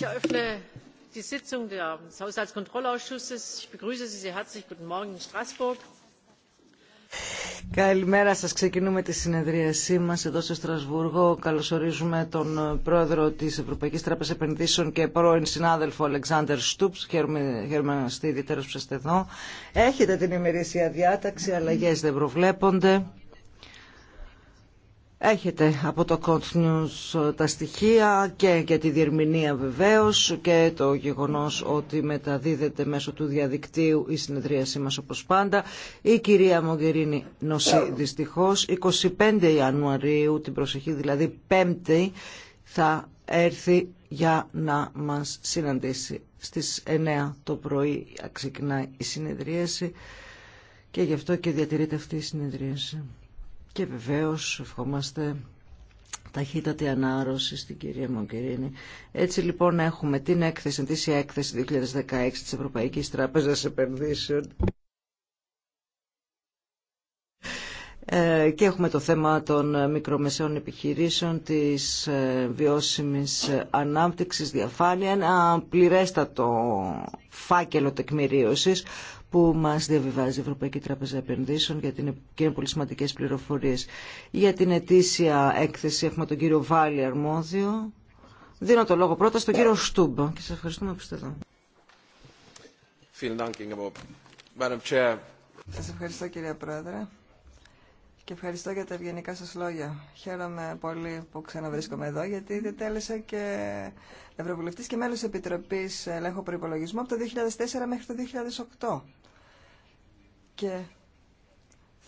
ich eröffne die sitzung des haushaltskontrollausschusses. ich begrüße sie sehr herzlich. guten morgen in straßburg. Καλημέρα σας. Ξεκινούμε τη συνεδρίασή μας εδώ στο Στρασβούργο. Καλωσορίζουμε τον πρόεδρο της Ευρωπαϊκής Τράπεζας Επενδύσεων και πρώην συνάδελφο Αλεξάνδερ Στούπς. Χαίρομαι, χαίρομαι ιδιαίτερος που είστε εδώ. Έχετε την ημερήσια διάταξη, αλλαγές δεν προβλέπονται. Έχετε από το News ε, τα στοιχεία και για τη διερμηνία βεβαίως και το γεγονός ότι μεταδίδεται μέσω του διαδικτύου η συνεδρίασή μας όπως πάντα. Η κυρία Μογκερίνη νοσεί δυστυχώς. 25 Ιανουαρίου, την προσεχή δηλαδή Πέμπτη, θα έρθει για να μας συναντήσει. Στις 9 το πρωί ξεκινάει η συνεδρίαση και γι' αυτό και διατηρείται αυτή η συνεδρίαση. Και βεβαίως ευχόμαστε ταχύτατη ανάρρωση στην κυρία Μογκερίνη. Έτσι λοιπόν έχουμε την έκθεση, τη έκθεση 2016 της Ευρωπαϊκής Τράπεζας Επενδύσεων. Ε, και έχουμε το θέμα των μικρομεσαίων επιχειρήσεων, της ε, βιώσιμης ανάπτυξης, διαφάνεια, ένα πληρέστατο φάκελο τεκμηρίωσης που μα διαβιβάζει η Ευρωπαϊκή Τράπεζα Επενδύσεων για και είναι πολύ σημαντικέ πληροφορίε Για την ετήσια έκθεση έχουμε τον κύριο Βάλλη Αρμόδιο. Δίνω το λόγο πρώτα στον κύριο Στούμπα και σας ευχαριστούμε που είστε εδώ. Σα ευχαριστώ κύριε Πρόεδρε και ευχαριστώ για τα ευγενικά σας λόγια. Χαίρομαι πολύ που ξαναβρίσκομαι εδώ γιατί διτέλεσα και Ευρωβουλευτής και μέλος Επιτροπής Ελέγχου Προϋπολογισμού από το 2004 μέχρι το 2008. Και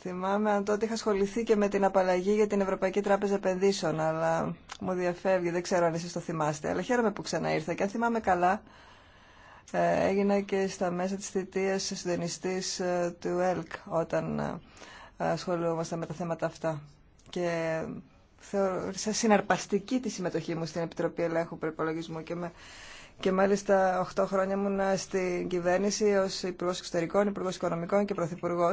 θυμάμαι αν τότε είχα ασχοληθεί και με την απαλλαγή για την Ευρωπαϊκή Τράπεζα Επενδύσεων, αλλά μου διαφεύγει, δεν ξέρω αν εσείς το θυμάστε. Αλλά χαίρομαι που ξανά ήρθα και αν θυμάμαι καλά, ε, έγινα και στα μέσα της θητείας συντονιστής ε, του ΕΛΚ όταν ε, ασχολούμαστε με τα θέματα αυτά. Και θεώρησα συναρπαστική τη συμμετοχή μου στην Επιτροπή Ελέγχου Προπολογισμού και, και μάλιστα 8 χρόνια ήμουν στην κυβέρνηση ω Υπουργό Εξωτερικών, Υπουργό Οικονομικών και Πρωθυπουργό.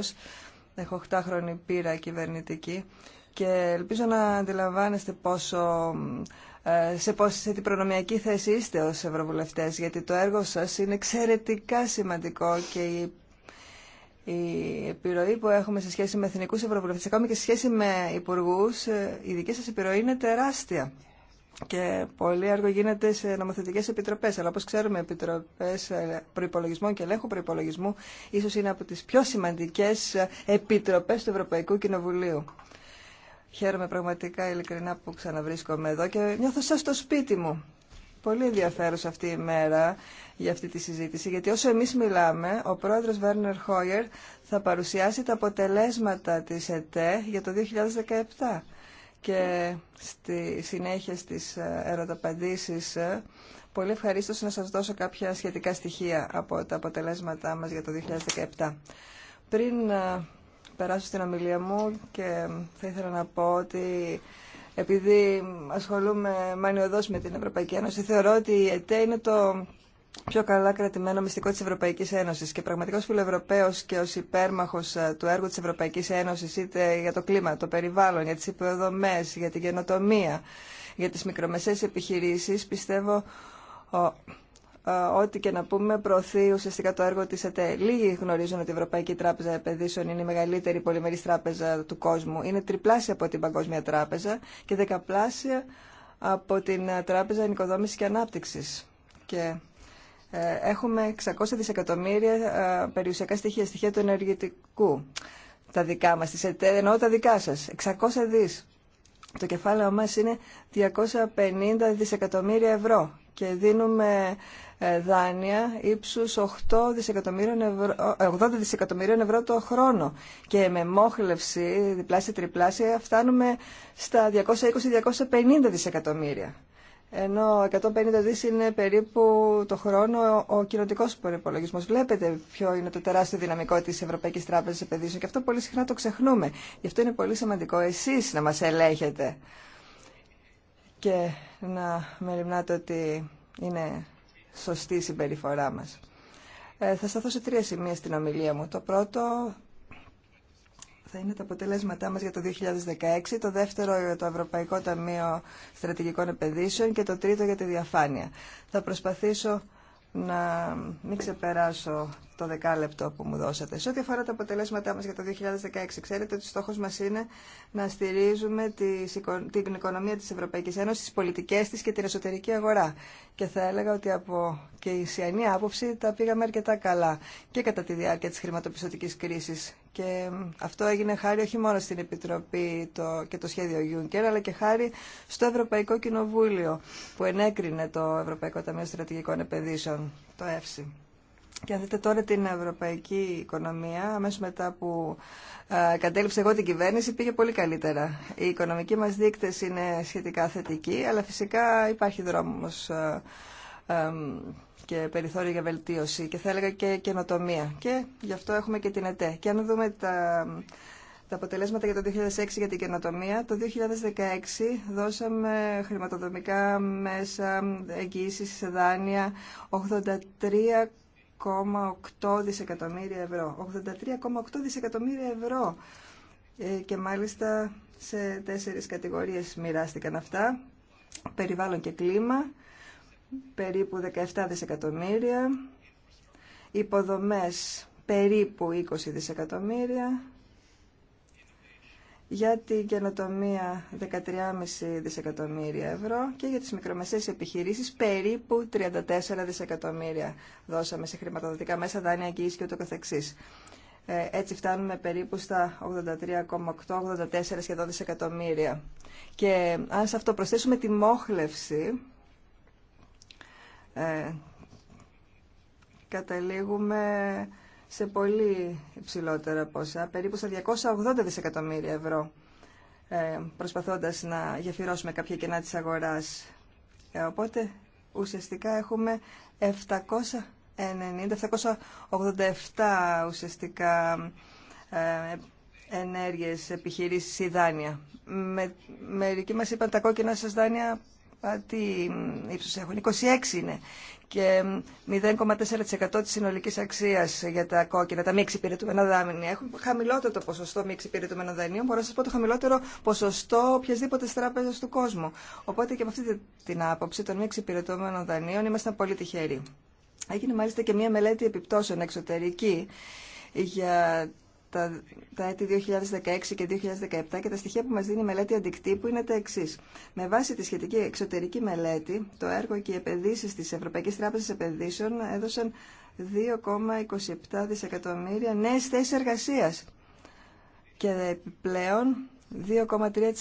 Έχω 8 χρόνια πείρα κυβερνητική και ελπίζω να αντιλαμβάνεστε πόσο ε, σε πόση σε την προνομιακή θέση είστε ως Ευρωβουλευτές, γιατί το έργο σας είναι εξαιρετικά σημαντικό και η η επιρροή που έχουμε σε σχέση με εθνικού ευρωβουλευτέ, ακόμη και σε σχέση με υπουργού, ε, η δική σας επιρροή είναι τεράστια. Και πολύ αργό γίνεται σε νομοθετικέ επιτροπέ. Αλλά όπω ξέρουμε, επιτροπέ ε, προπολογισμών και ελέγχου προπολογισμού ίσω είναι από τι πιο σημαντικέ ε, επιτροπέ του Ευρωπαϊκού Κοινοβουλίου. Χαίρομαι πραγματικά ειλικρινά που ξαναβρίσκομαι εδώ και νιώθω σαν στο σπίτι μου. Πολύ ενδιαφέρουσα αυτή η μέρα για αυτή τη συζήτηση. Γιατί όσο εμείς μιλάμε, ο πρόεδρος Βέρνερ Χόιερ θα παρουσιάσει τα αποτελέσματα της ΕΤΕ για το 2017. Και στη συνέχεια στις ε, ερωταπαντήσεις, ε, πολύ ευχαρίστω να σας δώσω κάποια σχετικά στοιχεία από τα αποτελέσματά μας για το 2017. Πριν ε, περάσω στην ομιλία μου και θα ήθελα να πω ότι επειδή ασχολούμαι μανιωδώς με την Ευρωπαϊκή Ένωση, θεωρώ ότι η ΕΤΕ είναι το πιο καλά κρατημένο μυστικό της Ευρωπαϊκής Ένωσης και πραγματικός φιλοευρωπαίος και ως υπέρμαχος ε, του έργου της Ευρωπαϊκής Ένωσης είτε για το κλίμα, το περιβάλλον, για τις υποδομές, για την καινοτομία, για τις μικρομεσαίες επιχειρήσεις πιστεύω ε, ό,τι και να πούμε προωθεί ουσιαστικά το έργο της ΕΤΕ. Λίγοι γνωρίζουν ότι η Ευρωπαϊκή Τράπεζα Επενδύσεων είναι η μεγαλύτερη πολυμερής τράπεζα του κόσμου. Είναι τριπλάσια από την Παγκόσμια Τράπεζα και δεκαπλάσια από την Τράπεζα Ενοικοδόμησης και Ανάπτυξης. Και ε, έχουμε 600 δισεκατομμύρια ε, περιουσιακά στοιχεία, στοιχεία του ενεργητικού. Τα δικά μας, τις εννοώ τα δικά σας, 600 δις. Το κεφάλαιο μας είναι 250 δισεκατομμύρια ευρώ και δίνουμε ε, δάνεια ύψους 8 δισεκατομμύριων ευρώ, 80 δισεκατομμυρίων ευρώ το χρόνο και με μόχλευση διπλάσια-τριπλάσια φτάνουμε στα 220-250 δισεκατομμύρια ενώ 150 δις είναι περίπου το χρόνο ο κοινοτικό προπολογισμό. Βλέπετε ποιο είναι το τεράστιο δυναμικό της Ευρωπαϊκής Τράπεζας Επενδύσεων και αυτό πολύ συχνά το ξεχνούμε. Γι' αυτό είναι πολύ σημαντικό εσείς να μας ελέγχετε και να μεριμνάτε ότι είναι σωστή η συμπεριφορά μας. Ε, θα σταθώ σε τρία σημεία στην ομιλία μου. Το πρώτο θα είναι τα αποτελέσματά μας για το 2016, το δεύτερο για το Ευρωπαϊκό Ταμείο Στρατηγικών Επενδύσεων και το τρίτο για τη διαφάνεια. Θα προσπαθήσω να μην ξεπεράσω το δεκάλεπτο που μου δώσατε. Σε ό,τι αφορά τα αποτελέσματά μας για το 2016, ξέρετε ότι στόχος μας είναι να στηρίζουμε την οικονομία της Ευρωπαϊκής Ένωσης, τις πολιτικές της και την εσωτερική αγορά. Και θα έλεγα ότι από και η σιανή άποψη τα πήγαμε αρκετά καλά και κατά τη διάρκεια της χρηματοπιστωτικής κρίσης. Και αυτό έγινε χάρη όχι μόνο στην Επιτροπή και το σχέδιο Juncker, αλλά και χάρη στο Ευρωπαϊκό Κοινοβούλιο που ενέκρινε το Ευρωπαϊκό Ταμείο Στρατηγικών Επενδύσεων, το ΕΦΣΥ. Και αν δείτε τώρα την ευρωπαϊκή οικονομία, αμέσως μετά που ε, κατέληψε εγώ την κυβέρνηση, πήγε πολύ καλύτερα. Οι οικονομικοί μας δείκτες είναι σχετικά θετικοί, αλλά φυσικά υπάρχει δρόμος ε, και περιθώριο για βελτίωση και θα έλεγα και καινοτομία. Και γι' αυτό έχουμε και την ΕΤΕ. Και αν δούμε τα, τα αποτελέσματα για το 2006 για την καινοτομία, το 2016 δώσαμε χρηματοδομικά μέσα εγγυήσεις σε δάνεια 83 83,8 δισεκατομμύρια ευρώ. 83,8 δισεκατομμύρια ευρώ. Ε, και μάλιστα σε τέσσερις κατηγορίες μοιράστηκαν αυτά. Περιβάλλον και κλίμα, περίπου 17 δισεκατομμύρια. Υποδομές, περίπου 20 δισεκατομμύρια για την καινοτομία 13,5 δισεκατομμύρια ευρώ και για τις μικρομεσαίες επιχειρήσεις περίπου 34 δισεκατομμύρια δώσαμε σε χρηματοδοτικά μέσα, δάνεια, και και ούτω καθεξής. Ε, έτσι φτάνουμε περίπου στα 83,8-84 σχεδόν δισεκατομμύρια. Και αν σε αυτό προσθέσουμε τη μόχλευση, ε, καταλήγουμε σε πολύ υψηλότερα ποσά, περίπου στα 280 δισεκατομμύρια ευρώ, ε, προσπαθώντας να γεφυρώσουμε κάποια κενά της αγοράς. Ε, οπότε, ουσιαστικά έχουμε 790, 787 ουσιαστικά ε, ενέργειες, επιχειρήσεις ή δάνεια. Με, μερικοί μας είπαν τα κόκκινα σας δάνεια τι ύψος έχουν, 26 είναι και 0,4% της συνολικής αξίας για τα κόκκινα, τα μη εξυπηρετούμενα δάνεια. Έχουν χαμηλότερο το ποσοστό μη εξυπηρετούμενων δανείων, μπορώ να σας πω το χαμηλότερο ποσοστό οποιασδήποτε τράπεζα του κόσμου. Οπότε και με αυτή την άποψη των μη εξυπηρετούμενων δανείων ήμασταν πολύ τυχεροί. Έγινε μάλιστα και μια μελέτη επιπτώσεων εξωτερική για τα, έτη 2016 και 2017 και τα στοιχεία που μας δίνει η μελέτη αντικτύπου είναι τα εξή. Με βάση τη σχετική εξωτερική μελέτη, το έργο και οι επενδύσεις της Ευρωπαϊκής Τράπεζας Επενδύσεων έδωσαν 2,27 δισεκατομμύρια νέες θέσεις εργασίας και επιπλέον 2,3%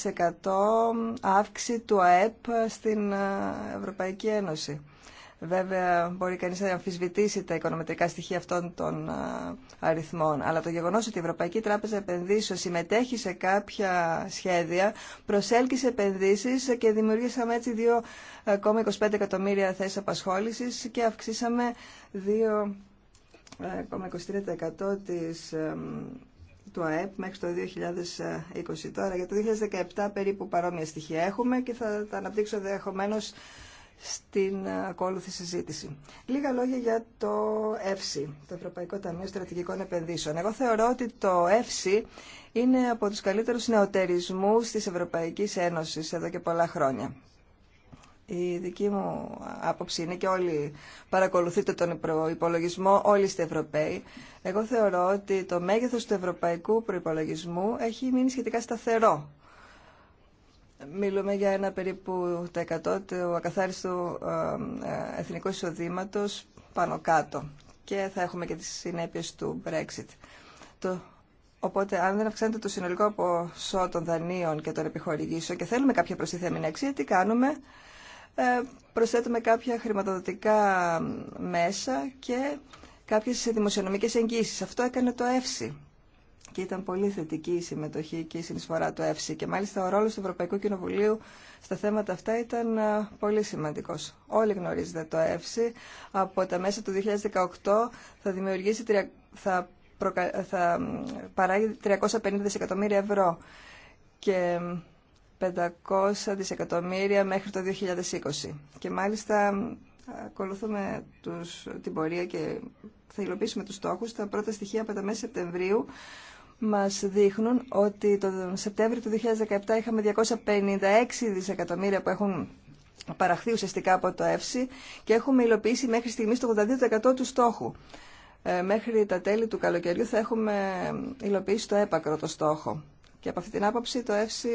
αύξηση του ΑΕΠ στην ε, Ευρωπαϊκή Ένωση. Βέβαια, μπορεί κανεί να αμφισβητήσει τα οικονομετρικά στοιχεία αυτών των αριθμών. Αλλά το γεγονός ότι η Ευρωπαϊκή Τράπεζα Επενδύσεων συμμετέχει σε κάποια σχέδια, προσέλκυσε επενδύσεις και δημιουργήσαμε έτσι 2,25 εκατομμύρια θέσεις απασχόλησης και αυξήσαμε 2,23% του ΑΕΠ μέχρι το 2020. Τώρα για το 2017 περίπου παρόμοια στοιχεία έχουμε και θα τα αναπτύξω δεχομένως στην ακόλουθη συζήτηση. Λίγα λόγια για το ΕΦΣΥ, το Ευρωπαϊκό Ταμείο Στρατηγικών Επενδύσεων. Εγώ θεωρώ ότι το ΕΦΣΥ είναι από τους καλύτερους νεοτερισμούς της Ευρωπαϊκής Ένωσης εδώ και πολλά χρόνια. Η δική μου άποψη είναι και όλοι παρακολουθείτε τον υπολογισμό, όλοι είστε Ευρωπαίοι. Εγώ θεωρώ ότι το μέγεθος του ευρωπαϊκού προϋπολογισμού έχει μείνει σχετικά σταθερό Μιλούμε για ένα περίπου τα εκατό του ακαθάριστου ε, ε, εθνικού εισοδήματο πάνω κάτω και θα έχουμε και τις συνέπειες του Brexit. Το, οπότε αν δεν αυξάνεται το συνολικό ποσό των δανείων και των επιχορηγήσεων και θέλουμε κάποια προστιθέμενη αξία, τι κάνουμε, ε, προσθέτουμε κάποια χρηματοδοτικά μέσα και κάποιες δημοσιονομικές εγγύσεις. Αυτό έκανε το ΕΦΣΥ και ήταν πολύ θετική η συμμετοχή και η συνεισφορά του ΕΦΣΥ και μάλιστα ο ρόλος του Ευρωπαϊκού Κοινοβουλίου στα θέματα αυτά ήταν ε, πολύ σημαντικός. Όλοι γνωρίζετε το ΕΦΣΥ. Από τα μέσα του 2018 θα δημιουργήσει, θα, θα παράγει 350 δισεκατομμύρια ευρώ και 500 δισεκατομμύρια μέχρι το 2020. Και μάλιστα ακολουθούμε τους, την πορεία και θα υλοποιήσουμε τους στόχους. Τα πρώτα στοιχεία από τα μέσα Σεπτεμβρίου μας δείχνουν ότι τον Σεπτέμβριο του 2017 είχαμε 256 δισεκατομμύρια που έχουν παραχθεί ουσιαστικά από το ΕΦΣΥ και έχουμε υλοποιήσει μέχρι στιγμής το 82% του στόχου. Ε, μέχρι τα τέλη του καλοκαιριού θα έχουμε υλοποιήσει το έπακρο το στόχο. Και από αυτή την άποψη το ΕΦΣΥ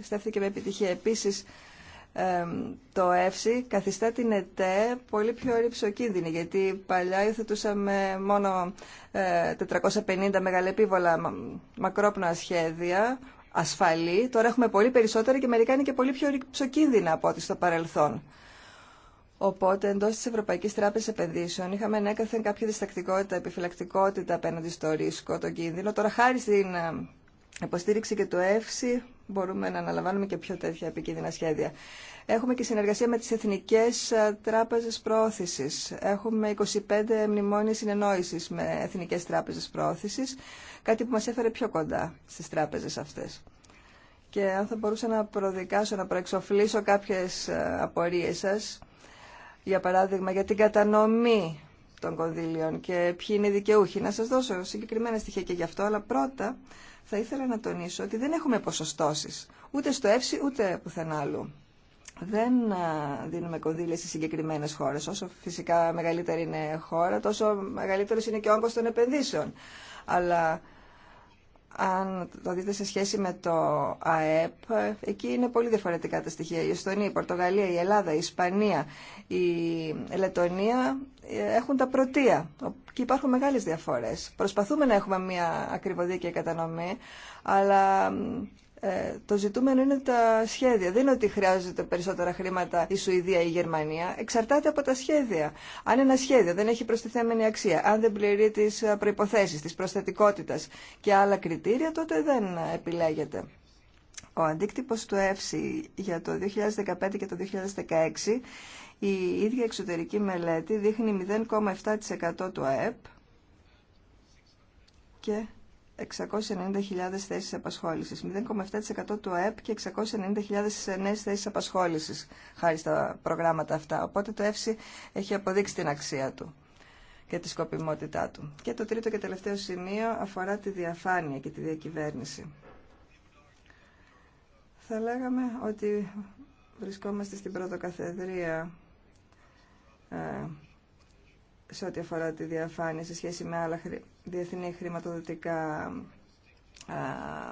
στέφθηκε με επιτυχία. Επίσης, το ΕΦΣΙ καθιστά την ΕΤΕ πολύ πιο ρηψοκίνδυνη γιατί παλιά υιοθετούσαμε μόνο 450 ε, μεγαλεπίβολα μακρόπνοα σχέδια ασφαλή. Τώρα έχουμε πολύ περισσότερα και μερικά είναι και πολύ πιο ρηψοκίνδυνα από ό,τι στο παρελθόν. Οπότε εντό τη Ευρωπαϊκή Τράπεζα Επενδύσεων είχαμε ανέκαθεν κάποια διστακτικότητα, επιφυλακτικότητα απέναντι στο ρίσκο, τον κίνδυνο. Τώρα χάρη στην υποστήριξη και το ΕΦΣΥ μπορούμε να αναλαμβάνουμε και πιο τέτοια επικίνδυνα σχέδια. Έχουμε και συνεργασία με τις Εθνικές Τράπεζες Προώθησης. Έχουμε 25 μνημόνια συνεννόησης με Εθνικές Τράπεζες Προώθησης, κάτι που μας έφερε πιο κοντά στις τράπεζες αυτές. Και αν θα μπορούσα να προδικάσω, να προεξοφλήσω κάποιες ε, απορίες σας, για παράδειγμα για την κατανομή των κονδύλιων και ποιοι είναι οι δικαιούχοι. Να σας δώσω συγκεκριμένα στοιχεία και γι' αυτό, αλλά πρώτα θα ήθελα να τονίσω ότι δεν έχουμε ποσοστώσεις, ούτε στο ΕΦΣΙ ούτε πουθενά άλλου. Δεν δίνουμε κονδύλια σε συγκεκριμένες χώρες. Όσο φυσικά μεγαλύτερη είναι χώρα, τόσο μεγαλύτερος είναι και ο όγκος των επενδύσεων. Αλλά αν το δείτε σε σχέση με το ΑΕΠ, εκεί είναι πολύ διαφορετικά τα στοιχεία. Η Εστονία, η Πορτογαλία, η Ελλάδα, η Ισπανία, η Λετωνία ε, έχουν τα πρωτεία και υπάρχουν μεγάλες διαφορές. Προσπαθούμε να έχουμε μια ακριβοδίκαιη κατανομή, αλλά ε, το ζητούμενο είναι τα σχέδια. Δεν είναι ότι χρειάζεται περισσότερα χρήματα η Σουηδία ή η Γερμανία. Εξαρτάται από τα σχέδια. Αν ένα σχέδιο δεν έχει προστιθέμενη αξία, αν δεν πληρεί τι ε, προποθέσει τη προσθετικότητα και άλλα κριτήρια, τότε δεν επιλέγεται. Ο αντίκτυπος του ΕΦΣΙ για το 2015 και το 2016, η ίδια εξωτερική μελέτη δείχνει 0,7% του ΑΕΠ και 690.000 θέσεις απασχόλησης, 0,7% του ΑΕΠ και 690.000 νέες θέσει απασχόλησης χάρη στα προγράμματα αυτά. Οπότε το ΕΦΣΙ έχει αποδείξει την αξία του και τη σκοπιμότητά του. Και το τρίτο και τελευταίο σημείο αφορά τη διαφάνεια και τη διακυβέρνηση. Θα λέγαμε ότι βρισκόμαστε στην πρωτοκαθεδρία ε, σε ό,τι αφορά τη διαφάνεια σε σχέση με άλλα διεθνή χρηματοδοτικά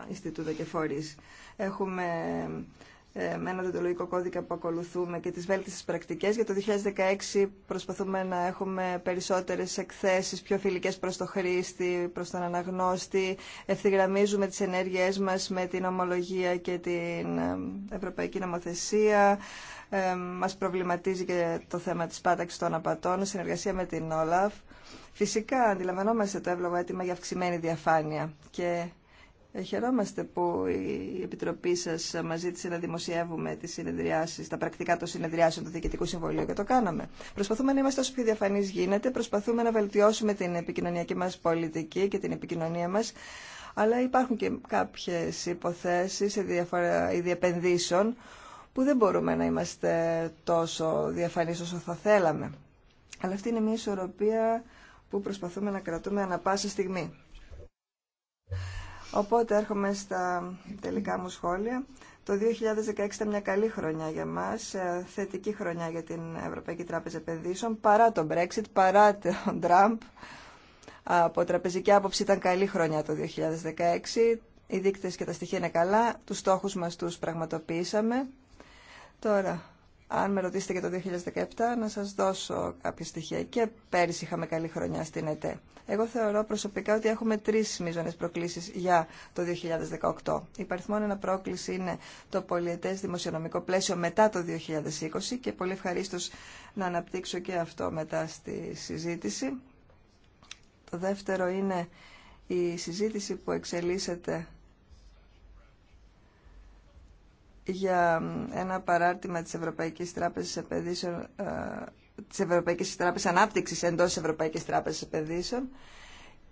Ινστιτούτα και φορείς. Έχουμε ε, με ένα διοντολογικό κώδικα που ακολουθούμε και τις βέλτιστες πρακτικές. Για το 2016 προσπαθούμε να έχουμε περισσότερες εκθέσεις πιο φιλικές προς το χρήστη, προς τον αναγνώστη. Ευθυγραμμίζουμε τις ενέργειές μας με την ομολογία και την ε, ευρωπαϊκή νομοθεσία. Ε, μας προβληματίζει και το θέμα της πάταξης των απατών, συνεργασία με την Όλαφ. Φυσικά αντιλαμβανόμαστε το εύλογο αίτημα για αυξημένη διαφάνεια και χαιρόμαστε που η Επιτροπή σας μας ζήτησε να δημοσιεύουμε τις συνεδριάσεις, τα πρακτικά των συνεδριάσεων του Διοικητικού Συμβουλίου και το κάναμε. Προσπαθούμε να είμαστε όσο πιο διαφανείς γίνεται, προσπαθούμε να βελτιώσουμε την επικοινωνιακή μας πολιτική και την επικοινωνία μας, αλλά υπάρχουν και κάποιες υποθέσεις ιδιαίτερα επενδύσεων που δεν μπορούμε να είμαστε τόσο διαφανείς όσο θα θέλαμε. Αλλά αυτή είναι μια ισορροπία που προσπαθούμε να κρατούμε ανα πάσα στιγμή. Οπότε έρχομαι στα τελικά μου σχόλια. Το 2016 ήταν μια καλή χρονιά για μας, ε, θετική χρονιά για την Ευρωπαϊκή Τράπεζα Επενδύσεων, παρά τον Brexit, παρά τον Τραμπ. Από τραπεζική άποψη ήταν καλή χρονιά το 2016. Οι δείκτες και τα στοιχεία είναι καλά, τους στόχους μας τους πραγματοποιήσαμε Τώρα, αν με ρωτήσετε για το 2017, να σας δώσω κάποια στοιχεία. Και πέρυσι είχαμε καλή χρονιά στην ΕΤΕ. Εγώ θεωρώ προσωπικά ότι έχουμε τρεις μείζονες προκλήσεις για το 2018. Η παριθμόν ένα πρόκληση είναι το πολιετές δημοσιονομικό πλαίσιο μετά το 2020 και πολύ ευχαρίστω να αναπτύξω και αυτό μετά στη συζήτηση. Το δεύτερο είναι η συζήτηση που εξελίσσεται για ένα παράρτημα της Ευρωπαϊκής Τράπεζας Επενδύσεων ε, της Ευρωπαϊκής Τράπεζας Ανάπτυξης εντός της Ευρωπαϊκής Τράπεζας Επενδύσεων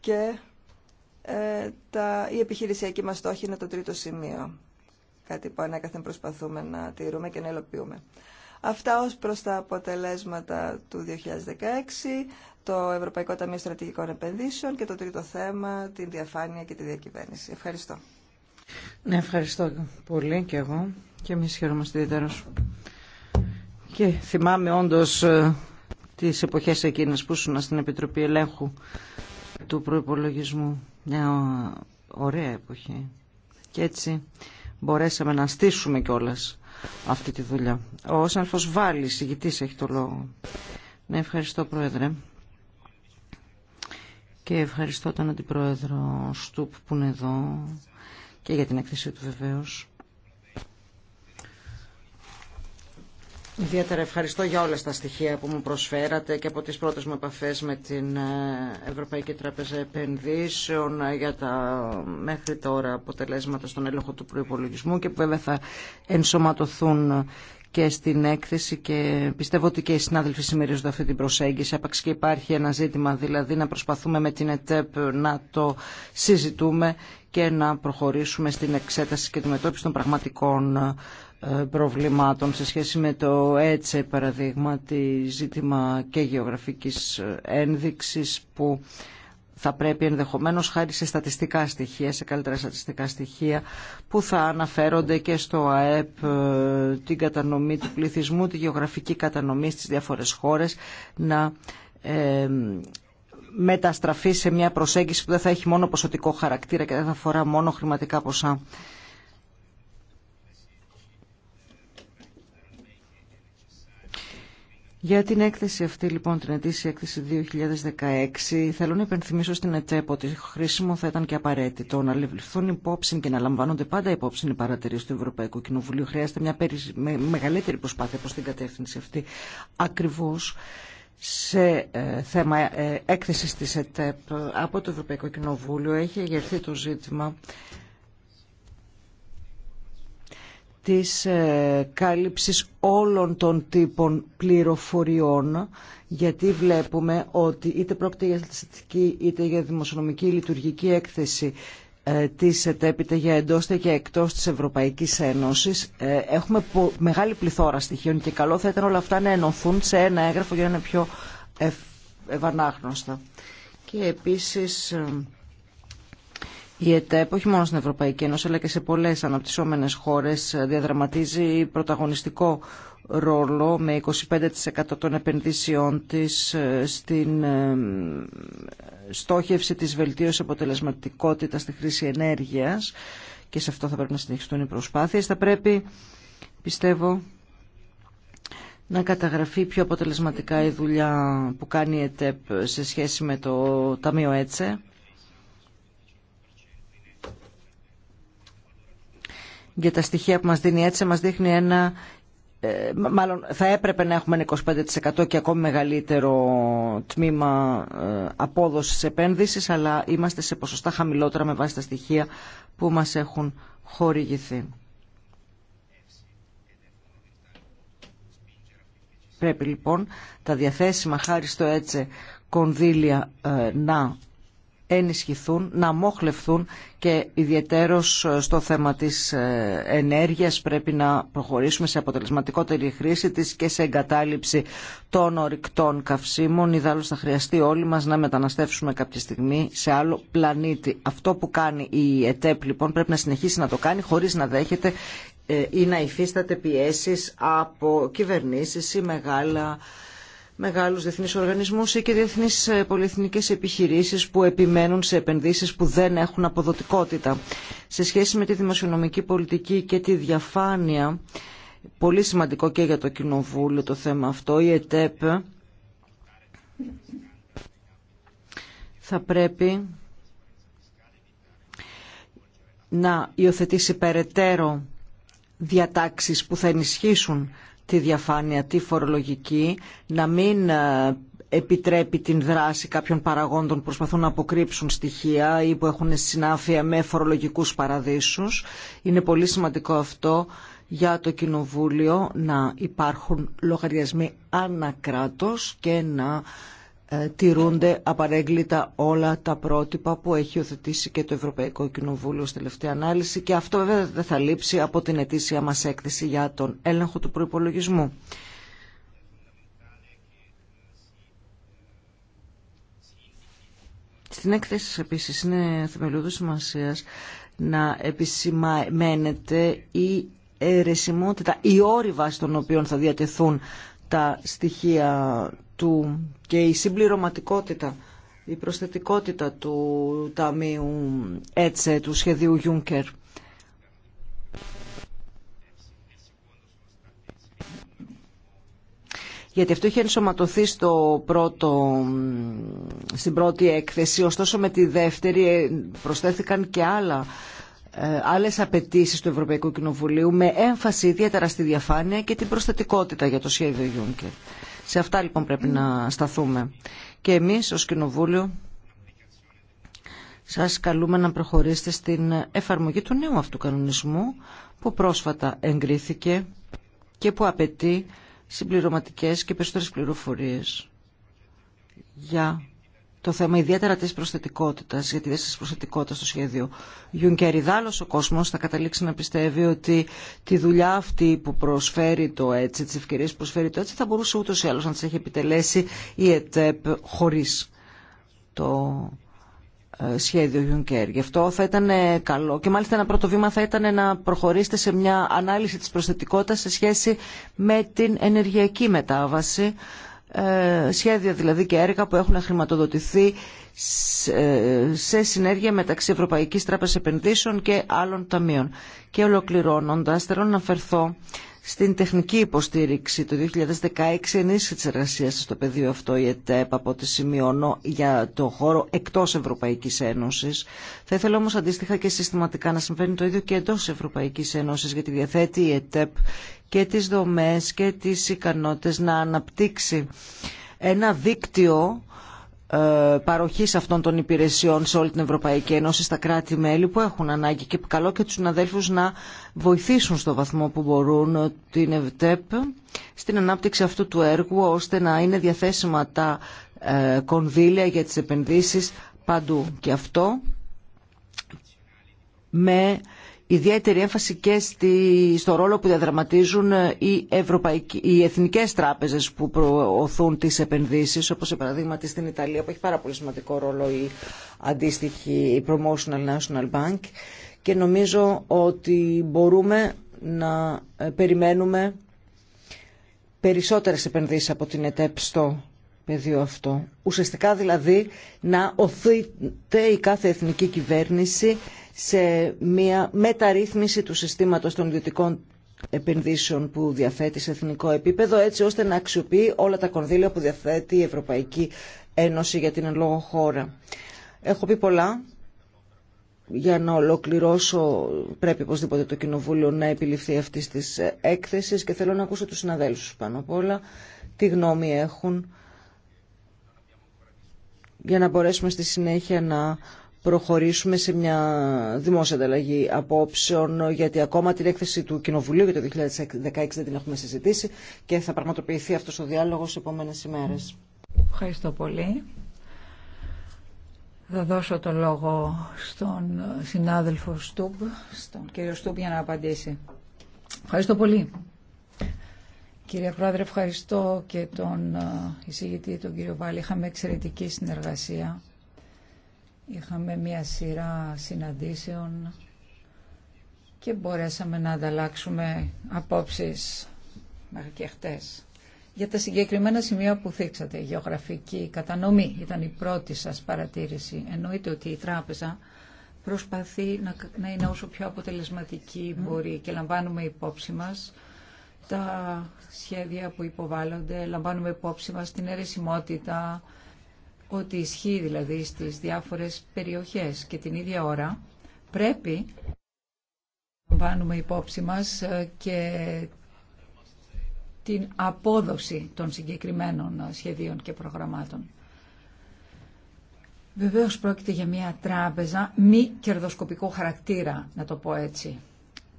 και ε, τα, η επιχειρησιακή μας στόχη είναι το τρίτο σημείο. Κάτι που ανέκαθεν προσπαθούμε να τηρούμε και να υλοποιούμε. Αυτά ως προς τα αποτελέσματα του 2016, το Ευρωπαϊκό Ταμείο Στρατηγικών Επενδύσεων και το τρίτο θέμα, την διαφάνεια και τη διακυβέρνηση. Ευχαριστώ. Ναι, ευχαριστώ πολύ και εγώ και εμείς χαιρόμαστε σου. Και θυμάμαι όντως ε, τις εποχές εκείνες που ήσουν στην Επιτροπή Ελέγχου του προϋπολογισμού. Μια ωραία εποχή. Και έτσι μπορέσαμε να στήσουμε κιόλας αυτή τη δουλειά. Ο Σανφος Βάλης, ηγητής, έχει το λόγο. Ναι, ευχαριστώ Πρόεδρε. Και ευχαριστώ τον Αντιπρόεδρο Στουπ που είναι εδώ και για την έκθεσή του βεβαίω. Ιδιαίτερα ευχαριστώ για όλα τα στοιχεία που μου προσφέρατε και από τις πρώτες μου επαφές με την ε, Ευρωπαϊκή Τράπεζα Επενδύσεων ε, για τα μέχρι τώρα αποτελέσματα στον έλεγχο του προϋπολογισμού και που βέβαια θα ενσωματωθούν ε, και στην έκθεση και πιστεύω ότι και οι συνάδελφοι συμμερίζονται αυτή την προσέγγιση. Άπαξ και υπάρχει ένα ζήτημα δηλαδή να προσπαθούμε με την ΕΤΕΠ να το συζητούμε και να προχωρήσουμε στην εξέταση και μετώπιση των πραγματικών ε, προβλημάτων σε σχέση με το έτσε τη ζήτημα και γεωγραφικής ε, ένδειξης που θα πρέπει ενδεχομένως χάρη σε στατιστικά στοιχεία, σε καλύτερα στατιστικά στοιχεία που θα αναφέρονται και στο ΑΕΠ, ε, την κατανομή του πληθυσμού, τη γεωγραφική κατανομή στις διάφορες χώρες να μεταστραφεί σε μια προσέγγιση που δεν θα έχει μόνο ποσοτικό χαρακτήρα και δεν θα αφορά μόνο χρηματικά ποσά. Για την έκθεση αυτή, λοιπόν, την ετήσια έκθεση 2016, θέλω να υπενθυμίσω στην ΕΤΕΠ ότι χρήσιμο θα ήταν και απαραίτητο να λεβληθούν υπόψη και να λαμβάνονται πάντα υπόψη οι παρατηρήσει του Ευρωπαϊκού Κοινοβουλίου. Χρειάζεται μια μεγαλύτερη προσπάθεια προ την κατεύθυνση αυτή. Ακριβώ σε ε, θέμα ε, έκθεσης της ΕΤΕΠ από το Ευρωπαϊκό Κοινοβούλιο έχει εγερθεί το ζήτημα της ε, κάλυψης όλων των τύπων πληροφοριών γιατί βλέπουμε ότι είτε πρόκειται για στατιστική είτε για δημοσιονομική λειτουργική έκθεση ε, τίθεται για εντός και εκτός της Ευρωπαϊκής Ένωσης. Ε, έχουμε μεγάλη πληθώρα στοιχείων και καλό θα ήταν όλα αυτά να ενωθούν σε ένα έγγραφο για να είναι πιο ευανάγνωστα. Και επίσης ε, η ΕΤΕΠ όχι μόνο στην Ευρωπαϊκή Ένωση αλλά και σε πολλές αναπτυσσόμενες χώρες διαδραματίζει πρωταγωνιστικό ρόλο με 25% των επενδύσεών της ε, στην ε, στόχευση της βελτίωσης αποτελεσματικότητας στη χρήση ενέργειας και σε αυτό θα πρέπει να συνεχιστούν οι προσπάθειες. Θα πρέπει, πιστεύω, να καταγραφεί πιο αποτελεσματικά η δουλειά που κάνει η ΕΤΕΠ σε σχέση με το Ταμείο ΕΤΣΕ. Για τα στοιχεία που μας δίνει η ΕΤΣΕ μας δείχνει ένα ε, μάλλον θα έπρεπε να έχουμε ένα 25% και ακόμη μεγαλύτερο τμήμα ε, απόδοσης επένδυσης, αλλά είμαστε σε ποσοστά χαμηλότερα με βάση τα στοιχεία που μας έχουν χορηγηθεί. Πρέπει λοιπόν τα διαθέσιμα χάρη στο έτσι κονδύλια ε, να ενισχυθούν, να μόχλευθούν και ιδιαιτέρως ε, στο θέμα της ε, ενέργειας πρέπει να προχωρήσουμε σε αποτελεσματικότερη χρήση της και σε εγκατάλειψη των ορυκτών καυσίμων. Ιδάλλως θα χρειαστεί όλοι μας να μεταναστεύσουμε κάποια στιγμή σε άλλο πλανήτη. Αυτό που κάνει η ΕΤΕΠ λοιπόν πρέπει να συνεχίσει να το κάνει χωρίς να δέχεται ε, ή να υφίσταται πιέσεις από κυβερνήσεις ή μεγάλα μεγάλους διεθνείς οργανισμούς ή και διεθνείς ε, πολυεθνικές επιχειρήσεις που επιμένουν σε επενδύσεις που δεν έχουν αποδοτικότητα. Σε σχέση με τη δημοσιονομική πολιτική και τη διαφάνεια, πολύ σημαντικό και για το Κοινοβούλιο το θέμα αυτό, η ΕΤΕΠ θα πρέπει να υιοθετήσει περαιτέρω διατάξεις που θα ενισχύσουν τη διαφάνεια, τη φορολογική, να μην ε, επιτρέπει την δράση κάποιων παραγόντων που προσπαθούν να αποκρύψουν στοιχεία ή που έχουν συνάφεια με φορολογικούς παραδείσους. Είναι πολύ σημαντικό αυτό για το Κοινοβούλιο να υπάρχουν λογαριασμοί ανακράτος και να ε, τηρούνται απαρέγκλητα όλα τα πρότυπα που έχει οθετήσει και το Ευρωπαϊκό Κοινοβούλιο στη τελευταία ανάλυση και αυτό βέβαια δεν θα λείψει από την ετήσια μας έκθεση για τον έλεγχο του προϋπολογισμού. Στην έκθεση επίσης είναι θεμελιώδη σημασία να επισημαίνεται η αιρεσιμότητα, η όρη βάση των οποίων θα διατεθούν τα στοιχεία του και η συμπληρωματικότητα, η προσθετικότητα του Ταμείου ΕΤΣΕ, του σχεδίου Juncker. γιατί αυτό είχε ενσωματωθεί στο πρώτο, στην πρώτη έκθεση, ωστόσο με τη δεύτερη ε, προσθέθηκαν και άλλα ε, άλλες απαιτήσει του Ευρωπαϊκού Κοινοβουλίου με έμφαση ιδιαίτερα στη διαφάνεια και την προσθετικότητα για το σχέδιο Juncker. Σε αυτά λοιπόν πρέπει να σταθούμε. Και εμείς ως Κοινοβούλιο σας καλούμε να προχωρήσετε στην εφαρμογή του νέου αυτού κανονισμού που πρόσφατα εγκρίθηκε και που απαιτεί συμπληρωματικές και περισσότερες πληροφορίες για το θέμα ιδιαίτερα της προσθετικότητας, γιατί δεν της προσθετικότητας στο σχέδιο Juncker. Ιδάλλως ο κόσμος θα καταλήξει να πιστεύει ότι τη δουλειά αυτή που προσφέρει το έτσι, τις ευκαιρίες που προσφέρει το έτσι, θα μπορούσε ούτως ή άλλως να τις έχει επιτελέσει η ΕΤΕΠ χωρίς το ε, σχέδιο Juncker. Γι' αυτό θα ήταν ε, καλό και μάλιστα ένα πρώτο βήμα θα ήταν να προχωρήσετε σε μια ανάλυση της προσθετικότητας σε σχέση με την ενεργειακή μετάβαση ε, σχέδια δηλαδή και έργα που έχουν χρηματοδοτηθεί σε συνέργεια μεταξύ Ευρωπαϊκής Τράπεζας Επενδύσεων και άλλων ταμείων. Και ολοκληρώνοντας, θέλω να αναφερθώ στην τεχνική υποστήριξη το 2016 ενίσχυσε τη εργασία στο πεδίο αυτό η ΕΤΕΠ από ό,τι σημειώνω για το χώρο εκτό Ευρωπαϊκή Ένωση. Θα ήθελα όμω αντίστοιχα και συστηματικά να συμβαίνει το ίδιο και εντό Ευρωπαϊκή Ένωση, γιατί διαθέτει η ΕΤΕΠ και τι δομέ και τι ικανότητε να αναπτύξει ένα δίκτυο ε, παροχής αυτών των υπηρεσιών σε όλη την Ευρωπαϊκή Ένωση στα κράτη-μέλη που έχουν ανάγκη και καλό και τους συναδέλφους να βοηθήσουν στο βαθμό που μπορούν την ΕΒΤΕΠ στην ανάπτυξη αυτού του έργου ώστε να είναι διαθέσιμα τα ε, κονδύλια για τις επενδύσεις παντού. Και αυτό με ιδιαίτερη έμφαση και στη, στο ρόλο που διαδραματίζουν ε, οι, ευρωπαϊκοί, οι εθνικές τράπεζες που προωθούν τις επενδύσεις, όπως σε παραδείγμα στην Ιταλία που έχει πάρα πολύ σημαντικό ρόλο η αντίστοιχη η Promotional National Bank και νομίζω ότι μπορούμε να ε, περιμένουμε περισσότερες επενδύσεις από την ΕΤΕΠ στο πεδίο αυτό. Ουσιαστικά δηλαδή να οθείται η κάθε εθνική κυβέρνηση σε μια μεταρρύθμιση του συστήματος των ιδιωτικών επενδύσεων που διαθέτει σε εθνικό επίπεδο έτσι ώστε να αξιοποιεί όλα τα κονδύλια που διαθέτει η Ευρωπαϊκή Ένωση για την εν λόγω χώρα. Έχω πει πολλά. Για να ολοκληρώσω πρέπει οπωσδήποτε το Κοινοβούλιο να επιληφθεί αυτής της έκθεσης και θέλω να ακούσω τους συναδέλφους πάνω απ' όλα τι γνώμη έχουν για να μπορέσουμε στη συνέχεια να προχωρήσουμε σε μια δημόσια ανταλλαγή απόψεων, γιατί ακόμα την έκθεση του Κοινοβουλίου για το 2016 δεν την έχουμε συζητήσει και θα πραγματοποιηθεί αυτός ο διάλογος στις επόμενες ημέρες. Ευχαριστώ πολύ. Θα δώσω το λόγο στον συνάδελφο Στούμπ, στον κύριο Στούμπ για να απαντήσει. Ευχαριστώ πολύ. Κύριε Πρόεδρε, ευχαριστώ και τον ε, εισηγητή, τον κύριο Βάλη. Είχαμε εξαιρετική συνεργασία Είχαμε μια σειρά συναντήσεων και μπορέσαμε να ανταλλάξουμε απόψεις μέχρι και χτες. Για τα συγκεκριμένα σημεία που θίξατε, η γεωγραφική κατανομή ήταν η πρώτη σας παρατήρηση. Εννοείται ότι η τράπεζα προσπαθεί να, να είναι όσο πιο αποτελεσματική μπορεί και λαμβάνουμε υπόψη μας τα σχέδια που υποβάλλονται, λαμβάνουμε υπόψη μας την αιρεσιμότητα, ότι ισχύει δηλαδή στις διάφορες περιοχές και την ίδια ώρα πρέπει να λαμβάνουμε υπόψη μας ε, και την απόδοση των συγκεκριμένων ε, σχεδίων και προγραμμάτων. Βεβαίως πρόκειται για μια τράπεζα μη κερδοσκοπικό χαρακτήρα, να το πω έτσι.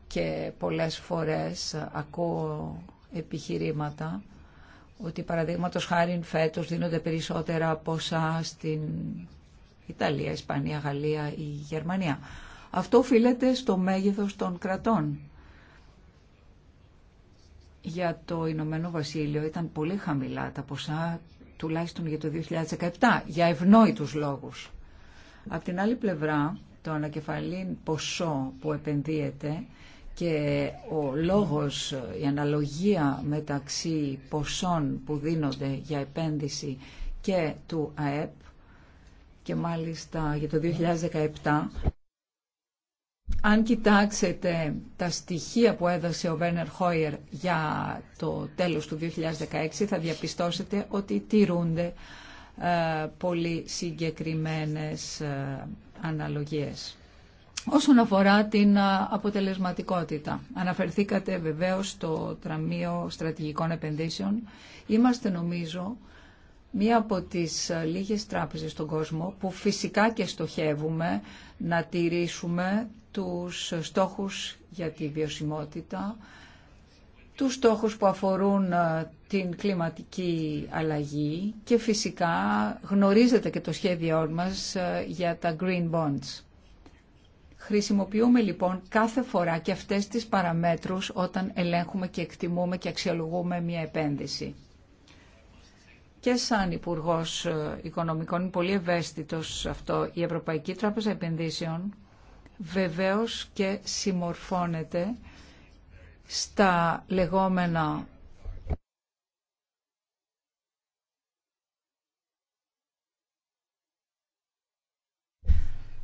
Και πολλές φορές ε, ακούω επιχειρήματα ότι παραδείγματο χάρη φέτο δίνονται περισσότερα ποσά στην Ιταλία, Ισπανία, Γαλλία ή Γερμανία. Αυτό οφείλεται στο μέγεθος των κρατών. Για το Ηνωμένο Βασίλειο ήταν πολύ χαμηλά τα ποσά, τουλάχιστον για το 2017, για ευνόητους λόγους. Απ' την άλλη πλευρά, το ανακεφαλήν ποσό που επενδύεται και ο λόγος, η αναλογία μεταξύ ποσών που δίνονται για επένδυση και του ΑΕΠ και μάλιστα για το 2017. Αν κοιτάξετε τα στοιχεία που έδωσε ο Βέρνερ Χόιερ για το τέλος του 2016 θα διαπιστώσετε ότι τηρούνται ε, πολύ συγκεκριμένες ε, αναλογίες. Όσον αφορά την αποτελεσματικότητα, αναφερθήκατε βεβαίως στο Τραμείο Στρατηγικών Επενδύσεων. Είμαστε νομίζω μία από τις λίγες τράπεζες στον κόσμο που φυσικά και στοχεύουμε να τηρήσουμε τους στόχους για τη βιωσιμότητα, τους στόχους που αφορούν την κλιματική αλλαγή και φυσικά γνωρίζετε και το σχέδιό μας για τα green bonds. Χρησιμοποιούμε λοιπόν κάθε φορά και αυτές τις παραμέτρους όταν ελέγχουμε και εκτιμούμε και αξιολογούμε μια επένδυση. Και σαν υπουργό ε, Οικονομικών πολύ ευαίσθητο αυτό η Ευρωπαϊκή Τράπεζα Επενδύσεων βεβαίως και συμμορφώνεται στα λεγόμενα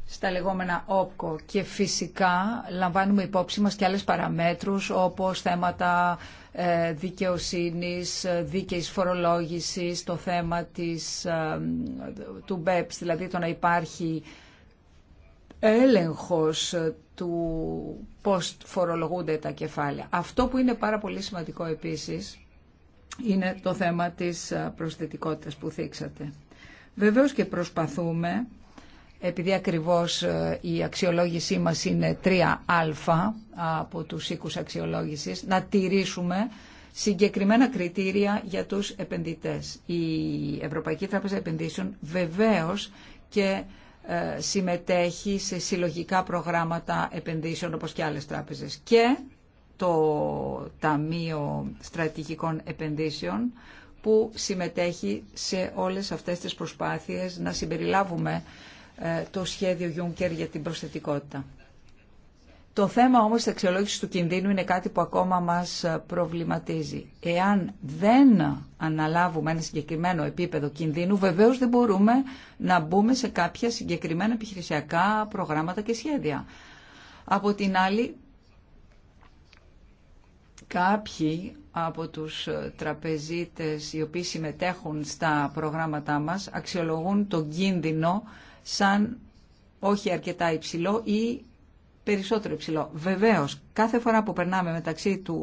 στα λεγόμενα όπκο και φυσικά λαμβάνουμε υπόψη μας και άλλες παραμέτρους όπως θέματα ε, δικαιοσύνης, δίκαιης φορολόγησης, το θέμα της, ε, του BEPS, ε δηλαδή το να υπάρχει έλεγχος του πώς φορολογούνται τα κεφάλαια. Αυτό που είναι πάρα πολύ σημαντικό επίσης είναι το θέμα της προσθετικότητας που θίξατε. Βεβαίως και προσπαθούμε επειδή ακριβώς ε, η αξιολόγησή μας είναι 3α από τους οίκους αξιολόγησης, να τηρήσουμε συγκεκριμένα κριτήρια για τους επενδυτές. Η Ευρωπαϊκή Τράπεζα Επενδύσεων βεβαίως και ε, συμμετέχει σε συλλογικά προγράμματα επενδύσεων όπως και άλλες τράπεζες. Και το Ταμείο Στρατηγικών Επενδύσεων που συμμετέχει σε όλες αυτές τις προσπάθειες να συμπεριλάβουμε ε, το σχέδιο Juncker για την προσθετικότητα. Το θέμα όμως της αξιολόγησης του κινδύνου είναι κάτι που ακόμα μας ε, προβληματίζει. Εάν δεν αναλάβουμε ένα συγκεκριμένο επίπεδο κινδύνου, βεβαίως δεν μπορούμε να μπούμε σε κάποια συγκεκριμένα επιχειρησιακά προγράμματα και σχέδια. Από την άλλη, κάποιοι από τους ε, τραπεζίτες οι οποίοι συμμετέχουν στα προγράμματά μας αξιολογούν τον κίνδυνο σαν όχι αρκετά υψηλό ή περισσότερο υψηλό. Βεβαίως, κάθε φορά που περνάμε μεταξύ του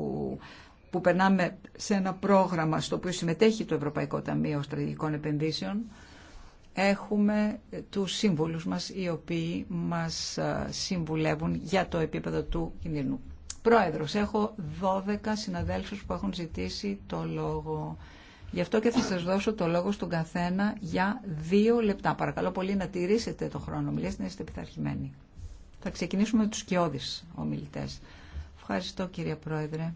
που περνάμε σε ένα πρόγραμμα στο οποίο συμμετέχει το Ευρωπαϊκό Ταμείο Στρατηγικών Επενδύσεων, έχουμε τους σύμβουλους μας οι οποίοι μας συμβουλεύουν για το επίπεδο του κινδύνου. Πρόεδρος, έχω 12 συναδέλφους που έχουν ζητήσει το λόγο. Γι' αυτό και θα σας δώσω το λόγο στον καθένα για δύο λεπτά. Παρακαλώ πολύ να τηρήσετε το χρόνο Μιλήστε να είστε επιθαρχημένοι. Θα ξεκινήσουμε με τους σκιώδεις ομιλητές. Ευχαριστώ κύριε Πρόεδρε.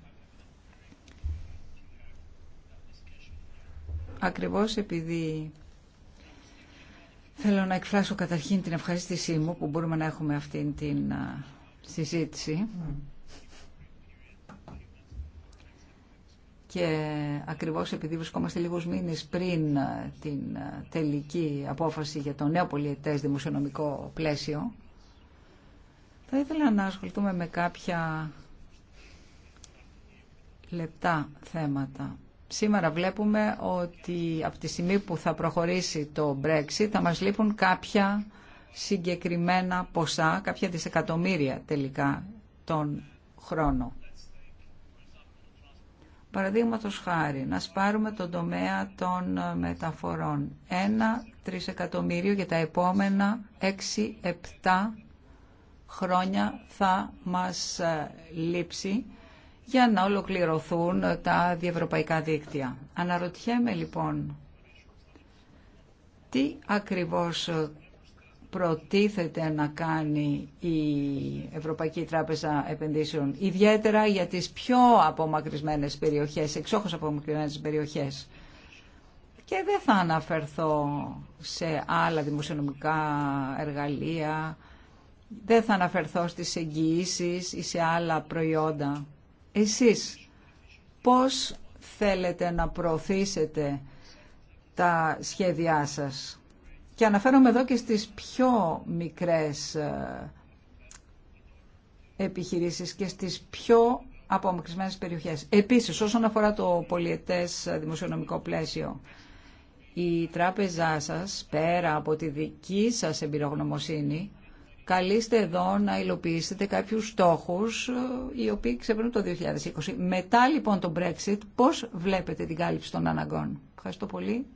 Ακριβώς επειδή θέλω να εκφράσω καταρχήν την ευχαρίστησή μου που μπορούμε να έχουμε αυτήν την συζήτηση. και ακριβώς επειδή βρισκόμαστε λίγους μήνες πριν ε, την ε, τελική απόφαση για το νέο πολιετές δημοσιονομικό πλαίσιο, θα ήθελα να ασχοληθούμε με κάποια λεπτά θέματα. Σήμερα βλέπουμε ότι από τη στιγμή που θα προχωρήσει το Brexit θα μας λείπουν κάποια συγκεκριμένα ποσά, κάποια δισεκατομμύρια τελικά τον χρόνο. Παραδείγματο χάρη, να σπάρουμε τον τομέα των μεταφορών. Ένα τρισεκατομμύριο για τα επόμενα 6-7 χρόνια θα μας ε, λείψει για να ολοκληρωθούν τα διευρωπαϊκά δίκτυα. Αναρωτιέμαι λοιπόν τι ακριβώς προτίθεται να κάνει η Ευρωπαϊκή Τράπεζα Επενδύσεων, ιδιαίτερα για τις πιο απομακρυσμένες περιοχές, εξόχως απομακρυσμένες περιοχές. Και δεν θα αναφερθώ σε άλλα δημοσιονομικά εργαλεία, δεν θα αναφερθώ στις εγγυήσει ή σε άλλα προϊόντα. Εσείς πώς θέλετε να προωθήσετε τα σχέδιά σας. Και αναφέρομαι εδώ και στις πιο μικρές ε, επιχειρήσεις και στις πιο απομακρυσμένες περιοχές. Επίσης, όσον αφορά το πολιετές ε, δημοσιονομικό πλαίσιο, η τράπεζά σας, πέρα από τη δική σας εμπειρογνωμοσύνη, καλείστε εδώ να υλοποιήσετε κάποιους στόχους ε, οι οποίοι ξεπερνούν το 2020. Μετά λοιπόν το Brexit, πώς βλέπετε την κάλυψη των αναγκών. Ευχαριστώ πολύ.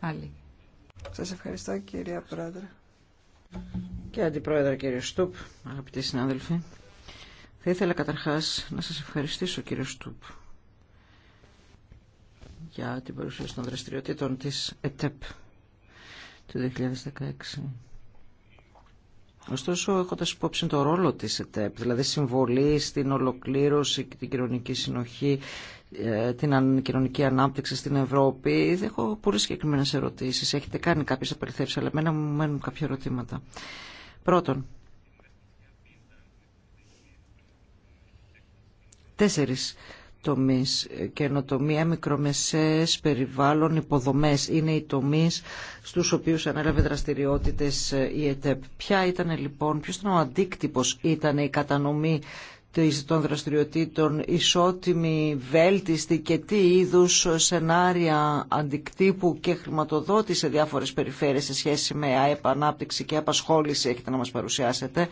Άλλη. Σας ευχαριστώ κυρία Πρόεδρε. Και Αντιπρόεδρε κύριε Στούπ, αγαπητοί συνάδελφοι. Θα ήθελα καταρχάς να σας ευχαριστήσω κύριε Στούπ για την παρουσίαση των δραστηριοτήτων της ΕΤΕΠ του 2016. Ωστόσο, έχοντα υπόψη το ρόλο τη ΕΤΕΠ, δηλαδή συμβολή στην ολοκλήρωση και την κοινωνική συνοχή ε, την κοινωνική ανάπτυξη στην Ευρώπη. Έχω πολύ συγκεκριμένε ερωτήσει. Έχετε κάνει κάποιε απελευθέρωσει, αλλά εμένα μου μένουν κάποια ερωτήματα. Πρώτον, τέσσερις τομείς ε, καινοτομία, μικρομεσαίες, περιβάλλον, υποδομέ είναι οι τομείς στους οποίους ανέλαβε δραστηριότητε ε, η ΕΤΕΠ. Ποια ήταν λοιπόν, ποιο ήταν ο αντίκτυπο ήταν η κατανομή των δραστηριοτήτων ισότιμη, βέλτιστη και τι είδους σενάρια αντικτύπου και χρηματοδότηση σε διάφορες περιφέρειες σε σχέση με ΑΕΠ, και απασχόληση έχετε να μας παρουσιάσετε.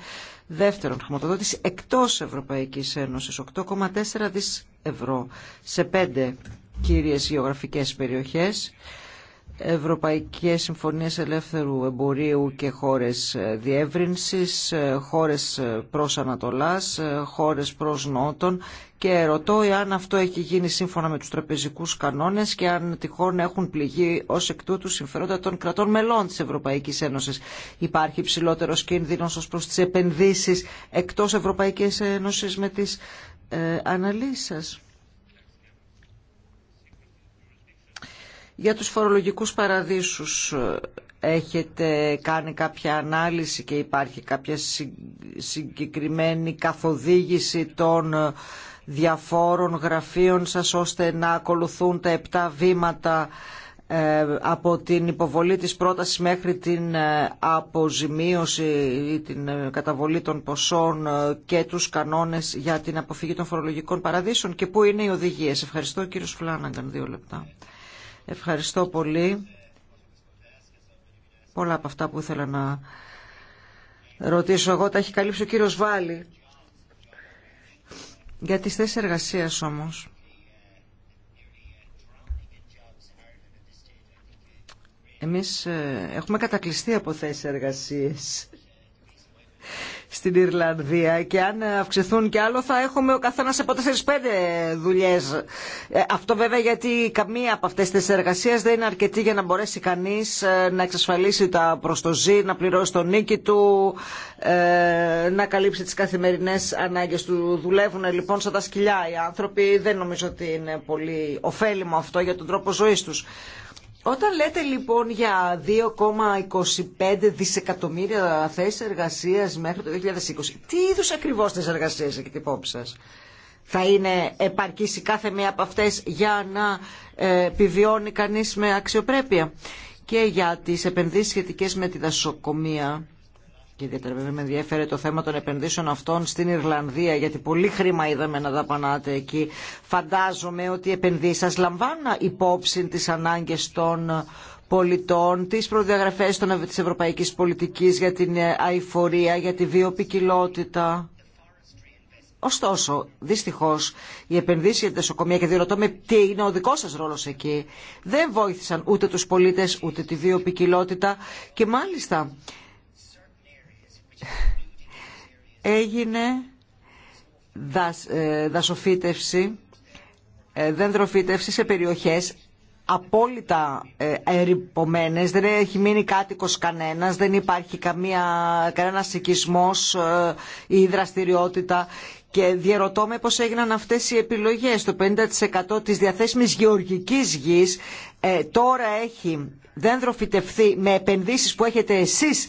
Δεύτερον, χρηματοδότηση εκτός Ευρωπαϊκής Ένωσης, 8,4 δις ευρώ σε πέντε κύριες γεωγραφικές περιοχές. Ευρωπαϊκές Συμφωνίες Ελεύθερου Εμπορίου και χώρες διεύρυνσης, χώρες προς Ανατολάς, χώρες προς Νότον και ρωτώ αν αυτό έχει γίνει σύμφωνα με τους τραπεζικούς κανόνες και αν τυχόν έχουν πληγεί ως εκ τούτου συμφέροντα των κρατών μελών της Ευρωπαϊκής Ένωσης. Υπάρχει ψηλότερος κίνδυνος ως προς τις επενδύσεις εκτός Ευρωπαϊκής Ένωσης με τις ε, αναλύσεις σας. Για τους φορολογικούς παραδείσους ε, έχετε κάνει κάποια ανάλυση και υπάρχει κάποια συγκεκριμένη καθοδήγηση των ε, διαφόρων γραφείων σας ώστε να ακολουθούν τα επτά βήματα ε, από την υποβολή της πρότασης μέχρι την αποζημίωση ή την καταβολή των ποσών και τους κανόνες για την αποφυγή των φορολογικών παραδείσων και πού είναι οι οδηγίες. Ευχαριστώ κύριο Φλάναγκαν δύο λεπτά. Ευχαριστώ πολύ. Πολλά από αυτά που ήθελα να ρωτήσω εγώ τα έχει καλύψει ο κύριος Βάλλη. Για τις θέσεις εργασίας όμως. Εμείς ε, έχουμε κατακλειστεί από θέσεις εργασίες στην Ιρλανδία και αν αυξηθούν κι άλλο θα έχουμε ο καθένας από 4-5 δουλειές. Ε, αυτό βέβαια γιατί καμία από αυτές τις εργασίες δεν είναι αρκετή για να μπορέσει κανείς ε, να εξασφαλίσει τα προστοζή, να πληρώσει τον νίκη του, ε, να καλύψει τις καθημερινές ανάγκες του. Δουλεύουν λοιπόν σαν τα σκυλιά οι άνθρωποι, δεν νομίζω ότι είναι πολύ ωφέλιμο αυτό για τον τρόπο ζωής τους. Όταν λέτε λοιπόν για 2,25 δισεκατομμύρια θέσεις εργασίας μέχρι το 2020, τι είδους ακριβώς τις εργασίες την υπόψη σας. Θα είναι επαρκής η κάθε μία από αυτές για να ε, επιβιώνει κανείς με αξιοπρέπεια. Και για τις επενδύσεις σχετικές με τη δασοκομεία και ιδιαίτερα με ενδιαφέρεται το θέμα των επενδύσεων αυτών στην Ιρλανδία, γιατί πολύ χρήμα είδαμε να δαπανάτε εκεί. Φαντάζομαι ότι οι επενδύσεις σας λαμβάνουν υπόψη τις ανάγκες των πολιτών, τις προδιαγραφές της ευρωπαϊκής πολιτικής για την ε, αηφορία, για τη βιοπικιλότητα. Ωστόσο, δυστυχώ, οι επενδύσει για την νοσοκομεία και διερωτώ με τι είναι ο δικό σα ρόλο εκεί, δεν βοήθησαν ούτε του πολίτε ούτε τη βιοπικιλότητα και μάλιστα έγινε δασ, ε, δασοφύτευση, ε, δέντροφύτευση σε περιοχές απόλυτα ε, ερυπωμένες, δεν έχει μείνει κάτοικος κανένας, δεν υπάρχει καμία, κανένας οικισμός ή δραστηριότητα και διαρωτώ με πώς έγιναν αυτές οι επιλογές. Το 50% της διαθέσιμης γεωργικής γης ε, τώρα έχει δεν φυτευθεί με επενδύσεις που έχετε εσείς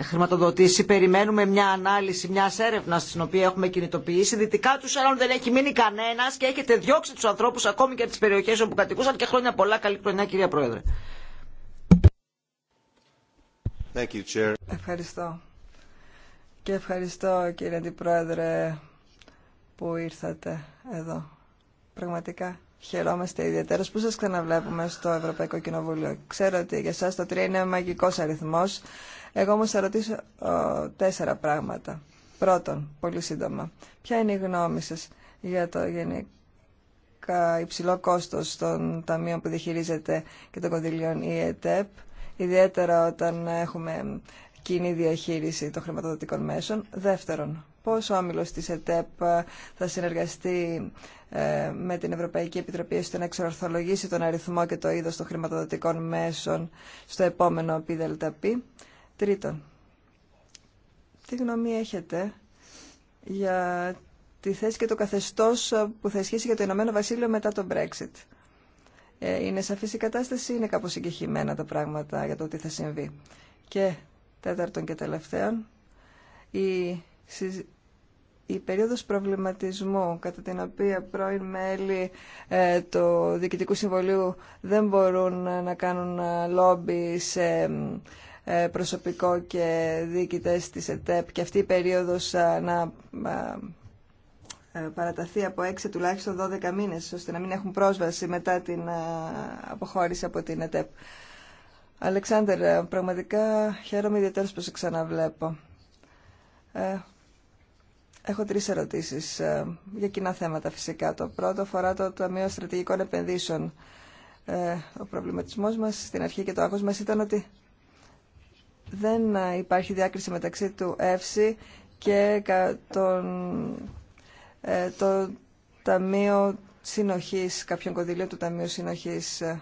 χρηματοδοτήσει. Περιμένουμε μια ανάλυση μια έρευνα στην οποία έχουμε κινητοποιήσει. Δυτικά του άλλων δεν έχει μείνει κανένας και έχετε διώξει τους ανθρώπους ακόμη και από τις περιοχέ όπου κατοικούσαν και χρόνια πολλά. Καλή χρονιά, κυρία Πρόεδρε. Thank you, Chair. Ευχαριστώ. Και ευχαριστώ κύριε Αντιπρόεδρε που ήρθατε εδώ. Πραγματικά χαιρόμαστε ιδιαίτερα που σας ξαναβλέπουμε στο Ευρωπαϊκό Κοινοβούλιο. Ξέρω ότι για σας το 3 είναι μαγικός αριθμός. Εγώ όμως θα ρωτήσω τέσσερα πράγματα. Πρώτον, πολύ σύντομα, ποια είναι η γνώμη σας για το γενικά υψηλό κόστος των ταμείων που διαχειρίζεται και των κονδυλίων η ΕΤΕΠ, ιδιαίτερα όταν έχουμε κοινή διαχείριση των χρηματοδοτικών μέσων. Δεύτερον, πώς ο όμιλος της ΕΤΕΠ ε, θα συνεργαστεί ε, με την Ευρωπαϊκή Επιτροπή ώστε να εξορθολογήσει τον αριθμό και το είδος των χρηματοδοτικών μέσων στο επόμενο ΠΔΠ. Τρίτον, τι γνώμη έχετε για τη θέση και το καθεστώς που θα ισχύσει για το Ηνωμένο Βασίλειο μετά το Brexit. Ε, είναι σαφής η κατάσταση ή είναι κάπως συγκεχημένα τα πράγματα για το τι θα συμβεί. Και Τέταρτον και τελευταίον, η, η περίοδος προβληματισμού κατά την οποία πρώην μέλη ε, του Διοικητικού Συμβολίου δεν μπορούν να κάνουν ε, λόμπι σε ε, προσωπικό και διοικητές της ΕΤΕΠ και αυτή η περίοδος ε, να παραταθεί από έξι τουλάχιστον 12 μήνες ώστε να μην έχουν πρόσβαση μετά την αποχώρηση από την ΕΤΕΠ. Αλεξάνδερ, πραγματικά χαίρομαι ιδιαίτερα που σε ξαναβλέπω. Ε, έχω τρεις ερωτήσεις ε, για κοινά θέματα φυσικά. Το πρώτο αφορά το Ταμείο Στρατηγικών Επενδύσεων. Ε, ο προβληματισμός μας στην αρχή και το άγχος μας ήταν ότι δεν υπάρχει διάκριση μεταξύ του ΕΦΣΥ και τον, ε, το Ταμείο Συνοχής, κάποιον κονδυλίο του Ταμείου Συνοχής. Ε,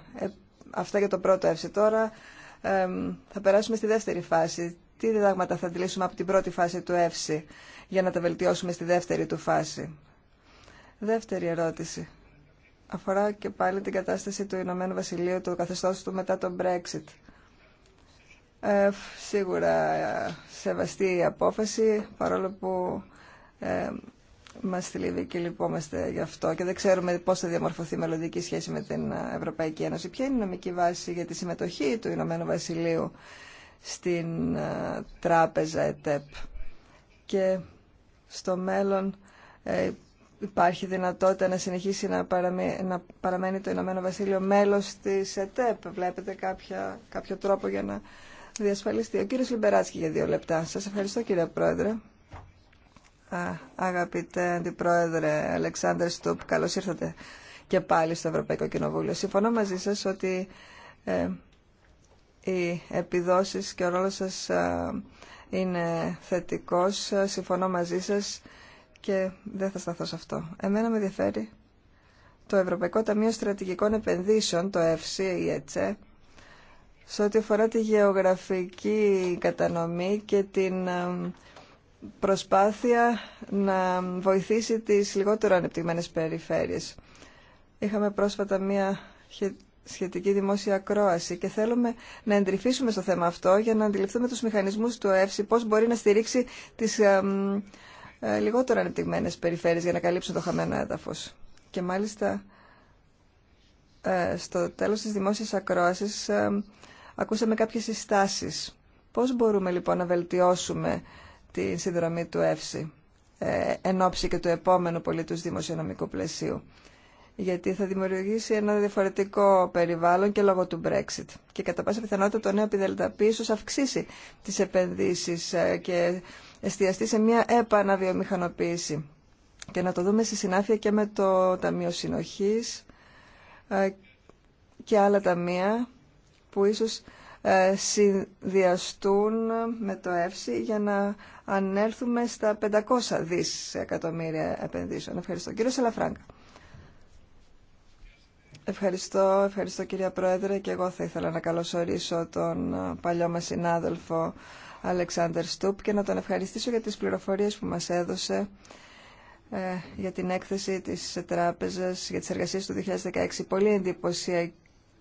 Αυτά για το πρώτο εύση. Τώρα θα περάσουμε στη δεύτερη φάση. Τι διδάγματα θα αντιλήσουμε από την πρώτη φάση του εύση για να τα βελτιώσουμε στη δεύτερη του φάση. Δεύτερη ερώτηση. Αφορά και πάλι την κατάσταση του Ηνωμένου Βασιλείου, το καθεστώ του μετά τον Brexit. Ε, σίγουρα ε, σεβαστή η απόφαση, παρόλο που ε, Μα θλίβει και λυπόμαστε γι' αυτό και δεν ξέρουμε πώς θα διαμορφωθεί η μελλοντική σχέση με την ε, Ευρωπαϊκή Ένωση. Ποια είναι η νομική βάση για τη συμμετοχή του Ηνωμένου Βασιλείου στην ε, τράπεζα ΕΤΕΠ και στο μέλλον ε, υπάρχει δυνατότητα να συνεχίσει να, παραμένει, το Ηνωμένο Βασίλειο μέλος της ΕΤΕΠ. Βλέπετε κάποια, κάποιο τρόπο για να διασφαλιστεί. Ο κύριος Λιμπεράτσκι για δύο λεπτά. Σας ευχαριστώ κύριε Πρόεδρε. Αγαπητέ Αντιπρόεδρε Αλεξάνδρε Στούπ, καλώς ήρθατε και πάλι στο Ευρωπαϊκό Κοινοβούλιο. Συμφωνώ μαζί σας ότι ε, οι επιδόσεις και ο ρόλος σας ε, είναι θετικός. Συμφωνώ μαζί σας και δεν θα σταθώ σε αυτό. Εμένα με ενδιαφέρει το Ευρωπαϊκό Ταμείο Στρατηγικών Επενδύσεων, το ΕΦΣΥ, η ΕΤΣΕ, σε ό,τι αφορά τη γεωγραφική κατανομή και την ε, προσπάθεια να βοηθήσει τις λιγότερο ανεπτυγμένες περιφέρειες. Είχαμε πρόσφατα μία σχετική δημόσια ακρόαση και θέλουμε να εντρυφήσουμε στο θέμα αυτό για να αντιληφθούμε τους μηχανισμούς του ΕΦΣΥ πώς μπορεί να στηρίξει τις ε, λιγότερο ανεπτυγμένες περιφέρειες για να καλύψουν το χαμένο έδαφος. Και μάλιστα ε, στο τέλος της δημόσιας ακρόασης ε, ακούσαμε κάποιες συστάσεις. Πώς μπορούμε λοιπόν να βελτιώσουμε την συνδρομή του ΕΦΣΥ ε, εν ώψη και του επόμενου πολίτους δημοσιονομικού πλαισίου γιατί θα δημιουργήσει ένα διαφορετικό περιβάλλον και λόγω του Brexit. Και κατά πάσα πιθανότητα το νέο επιδελταπή ίσως αυξήσει τις επενδύσεις ε, και εστιαστεί σε μια επαναβιομηχανοποίηση. Και να το δούμε στη συνάφεια και με το Ταμείο Συνοχής ε, και άλλα ταμεία που ίσως ε, συνδυαστούν με το ΕΦΣΥ για να ανέλθουμε στα 500 δις εκατομμύρια επενδύσεων. Ευχαριστώ. Κύριο Σαλαφράγκα. Ευχαριστώ, ευχαριστώ κυρία Πρόεδρε και εγώ θα ήθελα να καλωσορίσω τον ε, παλιό μας συνάδελφο Αλεξάνδερ Στούπ και να τον ευχαριστήσω για τις πληροφορίες που μας έδωσε ε, για την έκθεση της τράπεζας για τις εργασίες του 2016. Πολύ εντυπωσιακή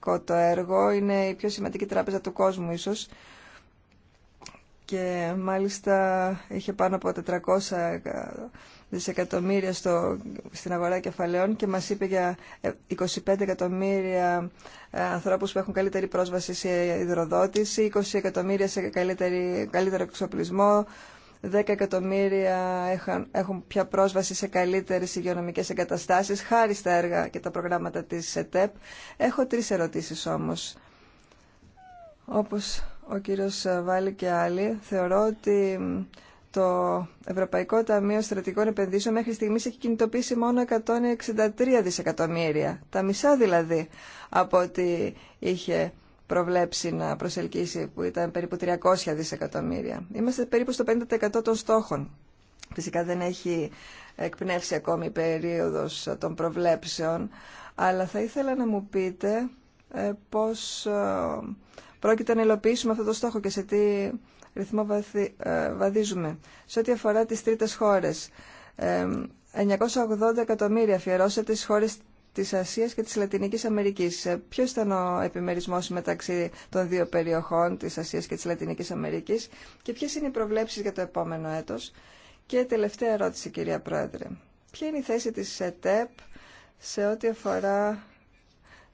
σημαντικό το έργο, είναι η πιο σημαντική τράπεζα του κόσμου ίσως και μάλιστα είχε πάνω από 400 ε, δισεκατομμύρια στο, στην αγορά κεφαλαίων και μας είπε για 25 ε, εκατομμύρια ε, ανθρώπους που έχουν καλύτερη πρόσβαση σε υδροδότηση, 20 εκατομμύρια σε καλύτερη, καλύτερο εξοπλισμό, 10 εκατομμύρια έχουν πια πρόσβαση σε καλύτερες υγειονομικέ εγκαταστάσεις χάρη στα έργα και τα προγράμματα της ΕΤΕΠ. Έχω τρει ερωτήσεις όμως. Όπω ο κύριος Βάλλη και άλλοι, θεωρώ ότι το Ευρωπαϊκό Ταμείο Στρατικών Επενδύσεων μέχρι στιγμής έχει κινητοποιήσει μόνο 163 δισεκατομμύρια, τα μισά δηλαδή από ό,τι είχε προβλέψει να προσελκύσει, που ήταν περίπου 300 δισεκατομμύρια. Είμαστε περίπου στο 50% των στόχων. Φυσικά δεν έχει εκπνεύσει ακόμη η περίοδος των προβλέψεων, αλλά θα ήθελα να μου πείτε ε, πώς ε, πρόκειται να υλοποιήσουμε αυτό το στόχο και σε τι ρυθμό ε, βαδίζουμε. Σε ό,τι αφορά τις τρίτες χώρες, 980 εκατομμύρια αφιερώσετε στις χώρες Τη Ασία και τη Λατινική Αμερική. Ε, Ποιο ήταν ο επιμερισμός μεταξύ των δύο περιοχών τη Ασία και τη Λατίνική Αμερική, και ποιε είναι οι προβλέψει για το επόμενο έτος. Και τελευταία ερώτηση, κυρία Πρόεδρε. Ποια είναι η θέση της ΕΤΕΠ σε ό,τι αφορά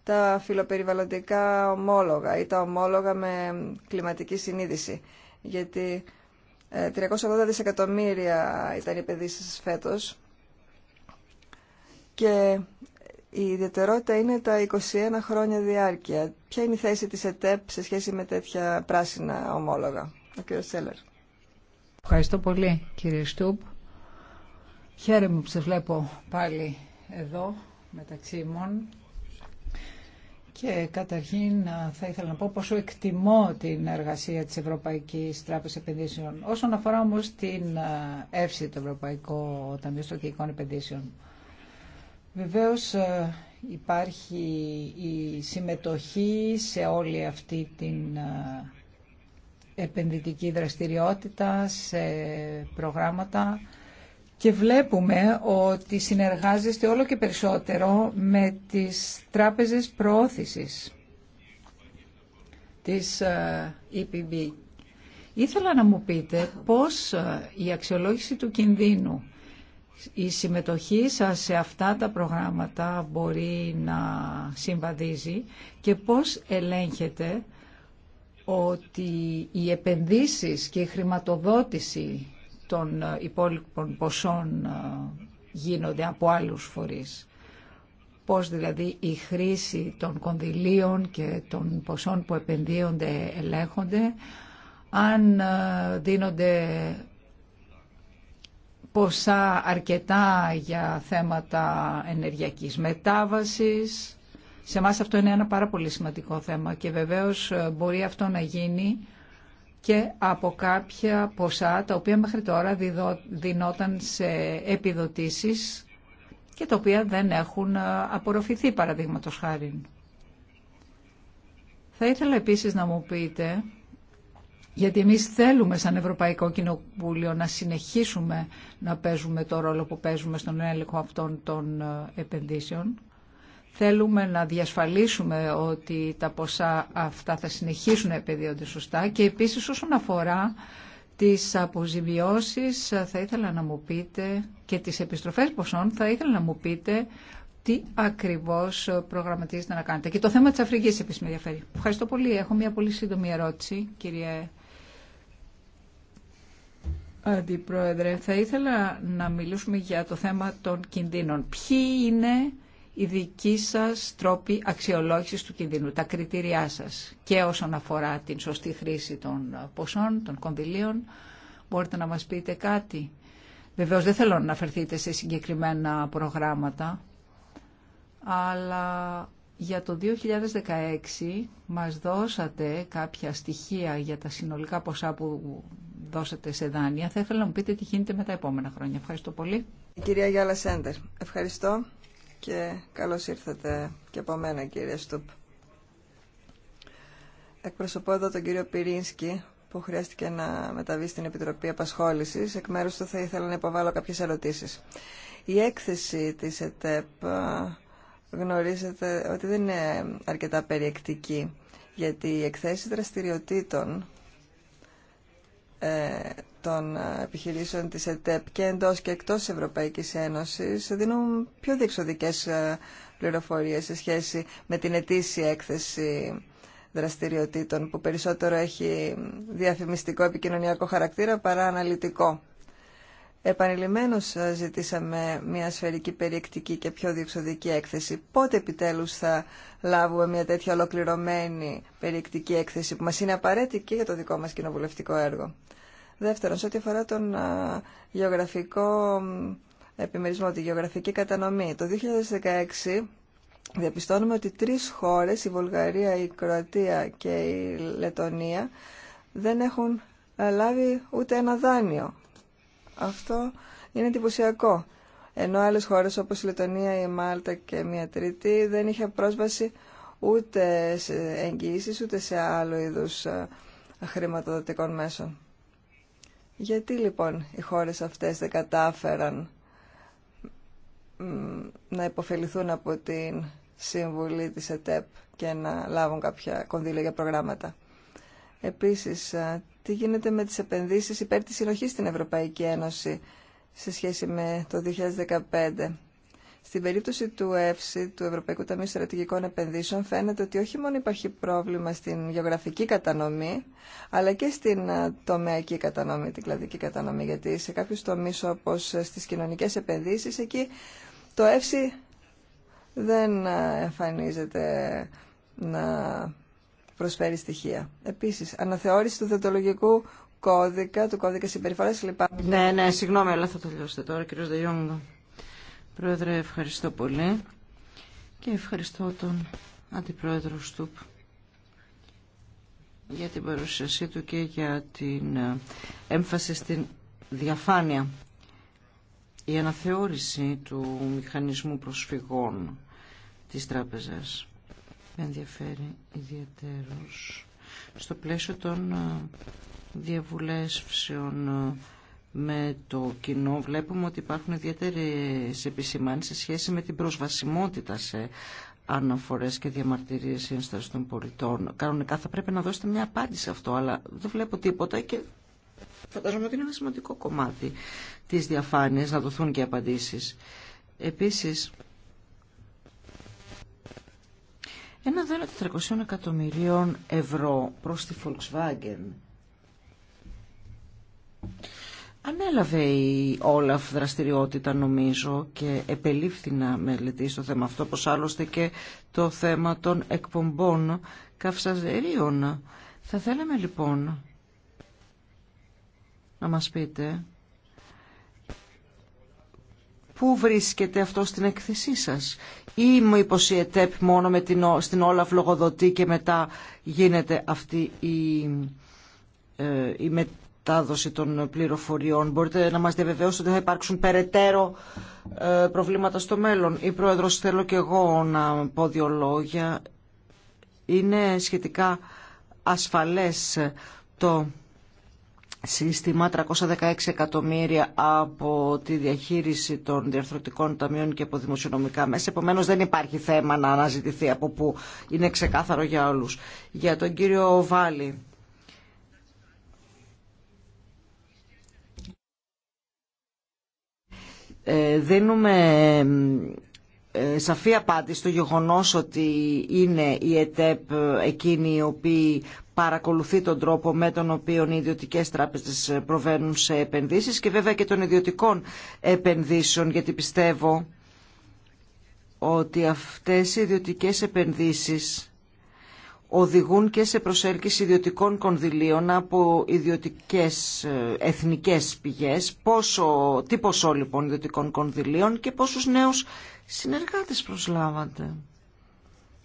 τα φιλοπεριβαλλοντικά ομόλογα ή τα ομόλογα με κλιματική συνείδηση. Γιατί 380 ε, δισεκατομμύρια ήταν οι επενδύσεις φέτος και η ιδιαιτερότητα είναι τα 21 χρόνια διάρκεια. Ποια είναι η θέση της ΕΤΕΠ σε σχέση με τέτοια πράσινα ομόλογα. Ο κ. Σέλερ. Ευχαριστώ πολύ κύριε Στούπ. Χαίρομαι που σε βλέπω πάλι εδώ μεταξύ μου. Και καταρχήν θα ήθελα να πω πόσο εκτιμώ την εργασία της Ευρωπαϊκής Τράπεζας Επενδύσεων. Όσον αφορά όμως την εύση του Ευρωπαϊκού Ταμείου Στρατηγικών Επενδύσεων, Βεβαίως ε, υπάρχει η συμμετοχή σε όλη αυτή την ε, επενδυτική δραστηριότητα, σε προγράμματα και βλέπουμε ότι συνεργάζεστε όλο και περισσότερο με τις τράπεζες προώθησης της EPB. Ε, Ήθελα να μου πείτε πώς η αξιολόγηση του κινδύνου η συμμετοχή σας σε αυτά τα προγράμματα μπορεί να συμβαδίζει και πώς ελέγχεται ότι οι επενδύσεις και η χρηματοδότηση των υπόλοιπων ποσών ε, γίνονται από άλλους φορείς. Πώς δηλαδή η χρήση των κονδυλίων και των ποσών που επενδύονται ελέγχονται, αν ε, δίνονται ποσά αρκετά για θέματα ενεργειακής μετάβασης. Σε εμά αυτό είναι ένα πάρα πολύ σημαντικό θέμα και βεβαίως ε, μπορεί αυτό να γίνει και από κάποια ποσά τα οποία μέχρι τώρα δινόταν σε επιδοτήσεις και τα οποία δεν έχουν ε, απορροφηθεί παραδείγματος χάρη. Θα ήθελα επίσης να μου πείτε γιατί εμείς θέλουμε σαν Ευρωπαϊκό Κοινοβούλιο να συνεχίσουμε να παίζουμε το ρόλο που παίζουμε στον έλεγχο αυτών των ε, επενδύσεων. Θέλουμε να διασφαλίσουμε ότι τα ποσά αυτά θα συνεχίσουν να επενδύονται σωστά και επίσης όσον αφορά τις αποζημιώσεις θα ήθελα να μου πείτε και τις επιστροφές ποσών θα ήθελα να μου πείτε τι ακριβώς προγραμματίζετε να κάνετε. Και το θέμα της Αφρικής επίσης με ενδιαφέρει. Ευχαριστώ πολύ. Έχω μια πολύ σύντομη ερώτηση, κύριε Αντιπρόεδρε, θα ήθελα να μιλήσουμε για το θέμα των κινδύνων. Ποιοι είναι οι δικοί σας τρόποι αξιολόγησης του κινδύνου, τα κριτήριά σας και όσον αφορά την σωστή χρήση των ποσών, των κονδυλίων. Μπορείτε να μας πείτε κάτι. Βεβαίως δεν θέλω να αναφερθείτε σε συγκεκριμένα προγράμματα, αλλά για το 2016 μας δώσατε κάποια στοιχεία για τα συνολικά ποσά που δώσετε σε δάνεια. Θα ήθελα να μου πείτε τι γίνεται με τα επόμενα χρόνια. Ευχαριστώ πολύ. Η κυρία Γιάλα Σέντερ, ευχαριστώ και καλώς ήρθατε και από μένα κύριε Στούπ. Εκπροσωπώ εδώ τον κύριο Πυρίνσκι που χρειάστηκε να μεταβεί στην Επιτροπή Απασχόλησης. Εκ μέρους του θα ήθελα να υποβάλω κάποιες ερωτήσεις. Η έκθεση της ΕΤΕΠ γνωρίζετε ότι δεν είναι αρκετά περιεκτική γιατί η εκθέση δραστηριοτήτων ε, των ε, επιχειρήσεων της ΕΤΕΠ και εντός και εκτός της Ευρωπαϊκής Ένωσης δίνουν πιο διεξοδικές ε, πληροφορίες σε σχέση με την ετήσια έκθεση δραστηριοτήτων που περισσότερο έχει διαφημιστικό επικοινωνιακό χαρακτήρα παρά αναλυτικό. Επανειλημμένως ε, ζητήσαμε μια σφαιρική περιεκτική και πιο διεξοδική έκθεση. Πότε επιτέλους θα λάβουμε μια τέτοια ολοκληρωμένη περιεκτική έκθεση που μας είναι απαραίτητη και για το δικό μας κοινοβουλευτικό έργο. Δεύτερον, σε ό,τι αφορά τον ε, γεωγραφικό επιμερισμό, τη γεωγραφική κατανομή. Το 2016 διαπιστώνουμε ότι τρεις χώρες, η Βουλγαρία, η Κροατία και η Λετωνία, δεν έχουν ε, λάβει ούτε ένα δάνειο αυτό είναι εντυπωσιακό. Ενώ άλλες χώρες όπως η Λετωνία, η Μάλτα και μία τρίτη δεν είχε πρόσβαση ούτε σε εγγυήσεις ούτε σε άλλο είδους ε, χρηματοδοτικών μέσων. Γιατί λοιπόν οι χώρες αυτές δεν κατάφεραν να υποφεληθούν από την συμβουλή της ΕΤΕΠ και να λάβουν κάποια κονδύλια για προγράμματα. Επίσης, ε, τι γίνεται με τις επενδύσεις υπέρ της συνοχής στην Ευρωπαϊκή Ένωση σε σχέση με το 2015. Στην περίπτωση του ΕΦΣΙ, του Ευρωπαϊκού Ταμείου Στρατηγικών Επενδύσεων, φαίνεται ότι όχι μόνο υπάρχει πρόβλημα στην γεωγραφική κατανομή, αλλά και στην ε, τομεακή κατανομή, την κλαδική κατανομή. Γιατί σε κάποιου τομείς όπως ε, στις κοινωνικέ επενδύσεις, εκεί το ΕΕ δεν εμφανίζεται να προσφέρει στοιχεία. Επίσης, αναθεώρηση του θετολογικού κώδικα, του κώδικα συμπεριφορά, κλπ. Ναι, ναι, συγγνώμη, αλλά θα τελειώσετε τώρα, κύριος Δεγιόγκο. Πρόεδρε, ευχαριστώ πολύ και ευχαριστώ τον Αντιπρόεδρο Στούπ για την παρουσίασή του και για την ε, έμφαση στην διαφάνεια. Η αναθεώρηση του μηχανισμού προσφυγών της τράπεζας με ενδιαφέρει ιδιαίτερος στο πλαίσιο των ε, διαβουλεύσεων ε, με το κοινό βλέπουμε ότι υπάρχουν ιδιαίτερες επισημάνεις σε σχέση με την προσβασιμότητα σε αναφορές και διαμαρτυρίες ένσταση των πολιτών. Κανονικά θα πρέπει να δώσετε μια απάντηση σε αυτό, αλλά δεν βλέπω τίποτα και φαντάζομαι ότι είναι ένα σημαντικό κομμάτι της διαφάνειας να δοθούν και απαντήσεις. Επίσης, Ένα δώρο 400 εκατομμυρίων ευρώ προς τη Volkswagen. Ανέλαβε η Όλαφ δραστηριότητα νομίζω και επελήφθη να μελετήσει το θέμα αυτό, όπως άλλωστε και το θέμα των εκπομπών καυσαζερίων. Θα θέλαμε λοιπόν να μας πείτε Πού βρίσκεται αυτό στην έκθεσή σας ή μήπω η ΕΤΕΠ μόνο με την, στην όλα φλογοδοτή και μετά γίνεται αυτή η, ε, η μετάδοση των πληροφοριών. Μπορείτε να μας διαβεβαιώσετε ότι θα υπάρξουν περαιτέρω ε, προβλήματα στο μέλλον. Η Πρόεδρος θέλω και εγώ να πω δύο λόγια. Είναι σχετικά ασφαλές το σύστημα, 316 εκατομμύρια από τη διαχείριση των διαρθρωτικών ταμείων και από δημοσιονομικά μέσα. Επομένως δεν υπάρχει θέμα να αναζητηθεί από που είναι ξεκάθαρο για όλους. Για τον κύριο Βάλη. Ε, δίνουμε ε, σαφή απάντηση στο γεγονός ότι είναι η ΕΤΕΠ ε, εκείνη η οποία παρακολουθεί τον τρόπο με τον οποίο οι ιδιωτικές τράπεζες προβαίνουν σε επενδύσεις και βέβαια και των ιδιωτικών επενδύσεων γιατί πιστεύω ότι αυτές οι ιδιωτικές επενδύσεις οδηγούν και σε προσέλκυση ιδιωτικών κονδυλίων από ιδιωτικές ε, εθνικές πηγές, πόσο, τι ποσό λοιπόν ιδιωτικών κονδυλίων και πόσους νέους συνεργάτες προσλάβατε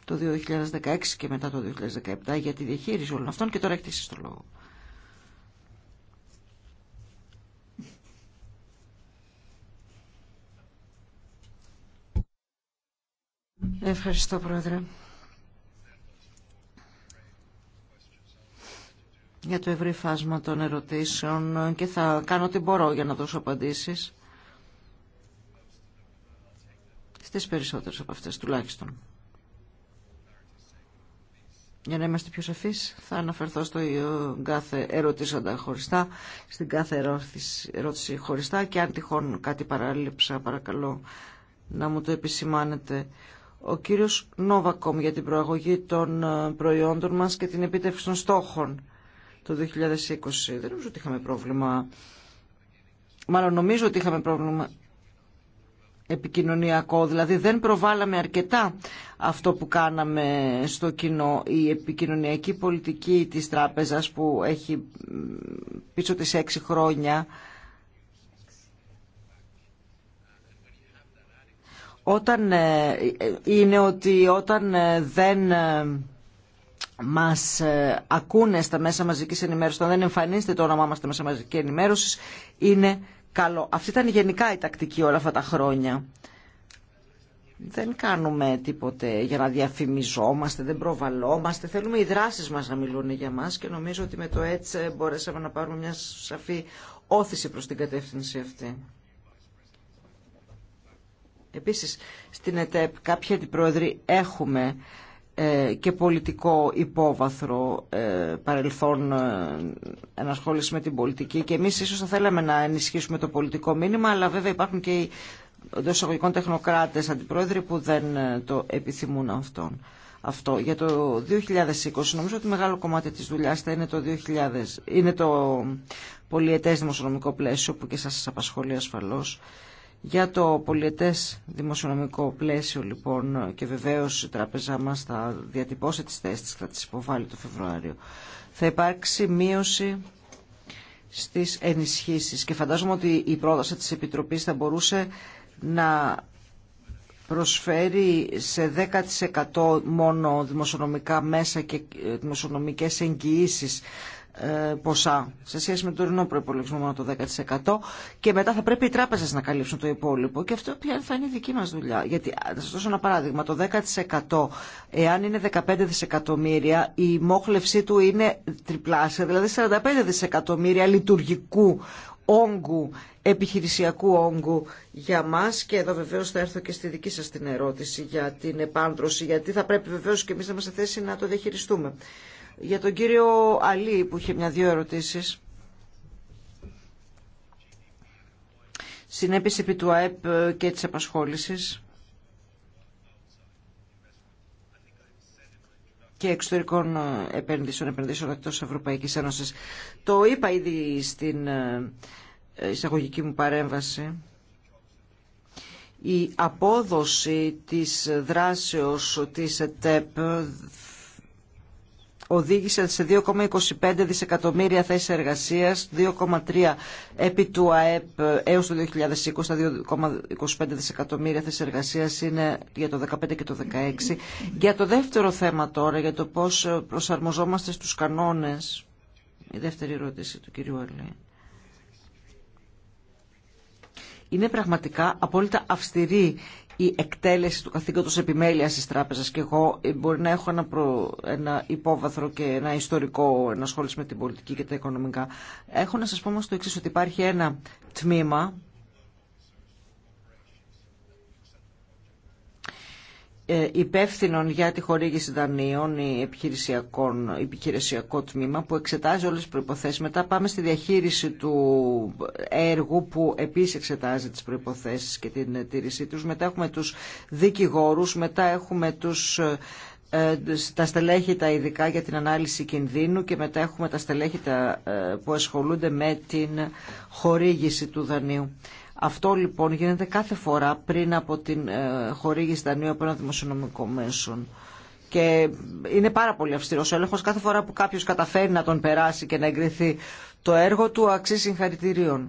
το 2016 και μετά το 2017 για τη διαχείριση όλων αυτών και τώρα έχετε εσείς το λόγο. Ευχαριστώ Πρόεδρε. για το ευρύ φάσμα των ερωτήσεων και θα κάνω ό,τι μπορώ για να δώσω απαντήσεις στις περισσότερες από αυτές τουλάχιστον. Για να είμαστε πιο σαφείς θα αναφερθώ στο κάθε χωριστά, στην κάθε ερώτηση χωριστά και αν τυχόν κάτι παράλληψα παρακαλώ να μου το επισημάνετε. Ο κύριος Νόβακομ για την προαγωγή των προϊόντων μας και την επίτευξη των στόχων το 2020. Δεν νομίζω ότι είχαμε πρόβλημα. Μάλλον νομίζω ότι είχαμε πρόβλημα επικοινωνιακό, δηλαδή δεν προβάλαμε αρκετά αυτό που κάναμε στο κοινό. Η επικοινωνιακή πολιτική της τράπεζας που έχει πίσω τις έξι χρόνια όταν ε, ε, είναι ότι όταν ε, δεν μας ε, ακούνε στα μέσα μαζικής ενημέρωση. Αν δεν εμφανίζεται το όνομά μας στα μέσα Μαζική ενημέρωση, είναι καλό. Αυτή ήταν γενικά η τακτική όλα αυτά τα χρόνια. Δεν κάνουμε τίποτε για να διαφημιζόμαστε, δεν προβαλόμαστε. Θέλουμε οι δράσεις μας να μιλούν για μας και νομίζω ότι με το έτσι μπορέσαμε να πάρουμε μια σαφή όθηση προς την κατεύθυνση αυτή. Επίσης, στην ΕΤΕΠ κάποιοι αντιπρόεδροι έχουμε ε, και πολιτικό υπόβαθρο ε, παρελθόν ε, ενασχόληση με την πολιτική και εμείς ίσως θα θέλαμε να ενισχύσουμε το πολιτικό μήνυμα αλλά βέβαια υπάρχουν και οι εντό τεχνοκράτες αντιπρόεδροι που δεν το επιθυμούν αυτόν. Αυτό. Για το 2020 νομίζω ότι μεγάλο κομμάτι της δουλειάς θα είναι το, 2000, είναι το πολυετές δημοσιονομικό πλαίσιο που και σας απασχολεί ασφαλώς για το πολιετές δημοσιονομικό πλαίσιο λοιπόν και βεβαίως η τράπεζά μας θα διατυπώσει τις θέσεις της, θα τις υποβάλει το Φεβρουάριο. Θα υπάρξει μείωση στις ενισχύσεις και φαντάζομαι ότι η πρόταση της Επιτροπής θα μπορούσε να προσφέρει σε 10% μόνο δημοσιονομικά μέσα και δημοσιονομικές εγγυήσεις ε, ποσά σε σχέση με τον τωρινό προπολογισμό μόνο το 10% και μετά θα πρέπει οι τράπεζε να καλύψουν το υπόλοιπο. Και αυτό πια θα είναι η δική μα δουλειά. Γιατί, θα σα δώσω ένα παράδειγμα, το 10% εάν είναι 15 δισεκατομμύρια, η μόχλευσή του είναι τριπλάσια, δηλαδή 45 δισεκατομμύρια λειτουργικού όγκου, επιχειρησιακού όγκου για μας και εδώ βεβαίως θα έρθω και στη δική σας την ερώτηση για την επάντρωση γιατί θα πρέπει βεβαίως και εμείς να είμαστε θέση να το διαχειριστούμε. Για τον κύριο Αλή που είχε μια-δυο ερωτήσεις. Συνέπειση επί του ΑΕΠ και της απασχόλησης και εξωτερικών επενδύσεων, επενδύσεων εκτός Ευρωπαϊκής Ένωσης. Το είπα ήδη στην ε, εισαγωγική μου παρέμβαση η απόδοση της δράσεως της ΕΤΕΠ οδήγησε σε 2,25 δισεκατομμύρια θέσεις εργασίας, 2,3 επί του ΑΕΠ έως το 2020, τα 2,25 δισεκατομμύρια θέσεις εργασίας είναι για το 2015 και το 2016. Για το δεύτερο θέμα τώρα, για το πώς προσαρμοζόμαστε στους κανόνες, η δεύτερη ερώτηση του κυρίου Αρλή είναι πραγματικά απόλυτα αυστηρή η εκτέλεση του καθήκοντος επιμέλειας της τράπεζας και εγώ ε, μπορεί να έχω ένα, ένα υπόβαθρο και ένα ιστορικό ενασχόληση με την πολιτική και τα οικονομικά. Έχω να σας πω όμως το εξής ότι υπάρχει ένα τμήμα Ε, υπεύθυνων για τη χορήγηση δανείων ή επιχειρησιακών, επιχειρησιακό τμήμα που εξετάζει όλες τις προϋποθέσεις. Μετά πάμε στη διαχείριση του έργου που επίσης εξετάζει τις προϋποθέσεις και την τήρησή τους. Μετά έχουμε τους δικηγόρους, μετά έχουμε τους ε, τα στελέχη τα ειδικά για την ανάλυση κινδύνου και μετά έχουμε τα στελέχη ε, που ασχολούνται με την χορήγηση του δανείου. Αυτό λοιπόν γίνεται κάθε φορά πριν από την ε, χορήγηση δανείου από ένα δημοσιονομικό μέσο. Και είναι πάρα πολύ αυστηρό ο έλεγχο. Κάθε φορά που κάποιο καταφέρει να τον περάσει και να εγκριθεί το έργο του, αξίζει συγχαρητηρίων.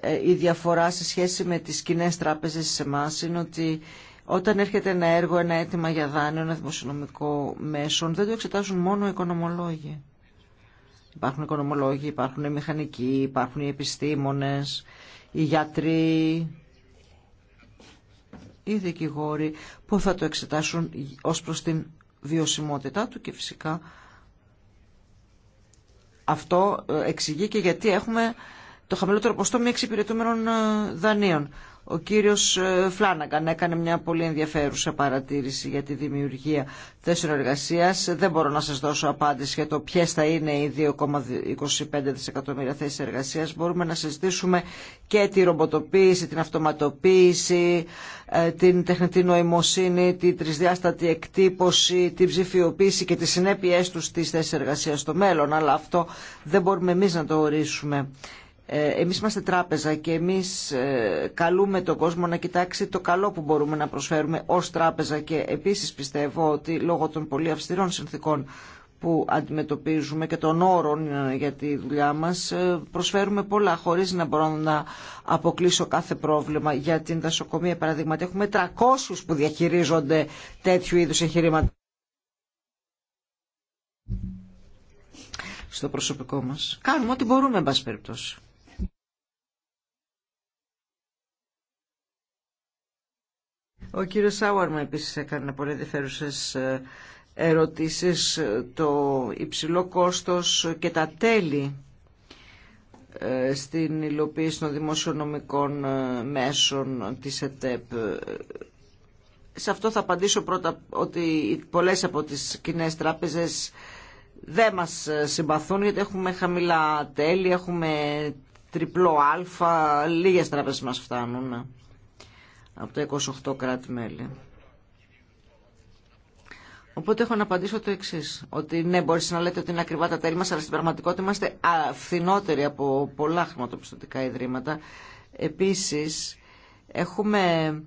Ε, η διαφορά σε σχέση με τι κοινέ τράπεζε σε εμά είναι ότι όταν έρχεται ένα έργο, ένα αίτημα για δάνειο, ένα δημοσιονομικό μέσο, δεν το εξετάζουν μόνο οι οικονομολόγοι. Υπάρχουν οικονομολόγοι, υπάρχουν οι μηχανικοί, υπάρχουν οι επιστήμονες οι γιατροί, οι δικηγόροι που θα το εξετάσουν ως προς την βιωσιμότητά του και φυσικά αυτό ε, εξηγεί και γιατί έχουμε το χαμηλότερο ποστό μη εξυπηρετούμενων ε, δανείων. Ο κύριος ε, Φλάναγκαν έκανε μια πολύ ενδιαφέρουσα παρατήρηση για τη δημιουργία θέσεων εργασία. Δεν μπορώ να σας δώσω απάντηση για το ποιε θα είναι οι 2,25 δισεκατομμύρια θέσεις εργασίας. Μπορούμε να συζητήσουμε και τη ρομποτοποίηση, την αυτοματοποίηση, ε, την τεχνητή νοημοσύνη, τη τρισδιάστατη εκτύπωση, την ψηφιοποίηση και τις συνέπειές τους στις θέσεις εργασίας στο μέλλον. Αλλά αυτό δεν μπορούμε εμείς να το ορίσουμε. Ε, εμείς είμαστε τράπεζα και εμείς ε, καλούμε τον κόσμο να κοιτάξει το καλό που μπορούμε να προσφέρουμε ως τράπεζα και επίσης πιστεύω ότι λόγω των πολύ αυστηρών συνθήκων που αντιμετωπίζουμε και των όρων ε, για τη δουλειά μας προσφέρουμε πολλά χωρίς να μπορώ να αποκλείσω κάθε πρόβλημα για την δασοκομεία παραδείγματι έχουμε 300 που διαχειρίζονται τέτοιου είδους εγχειρήματα στο προσωπικό μας κάνουμε ό,τι μπορούμε εν πάση περιπτώσει Ο κύριο Σάουαρμα επίσης έκανε πολύ ενδιαφέρουσε ε, ερωτήσεις ε, το υψηλό κόστος και τα τέλη ε, στην υλοποίηση των δημοσιονομικών μέσων της ΕΤΕΠ. Σε αυτό θα απαντήσω πρώτα ότι πολλές από τις κοινέ τράπεζες δεν μας συμπαθούν γιατί έχουμε χαμηλά τέλη, έχουμε τριπλό αλφα, λίγες τράπεζες μας φτάνουν από τα 28 κράτη-μέλη. Οπότε έχω να απαντήσω το εξή. Ότι ναι, μπορεί να λέτε ότι είναι ακριβά τα τέλη αλλά στην πραγματικότητα είμαστε φθηνότεροι από πολλά χρηματοπιστωτικά ιδρύματα. Επίση, έχουμε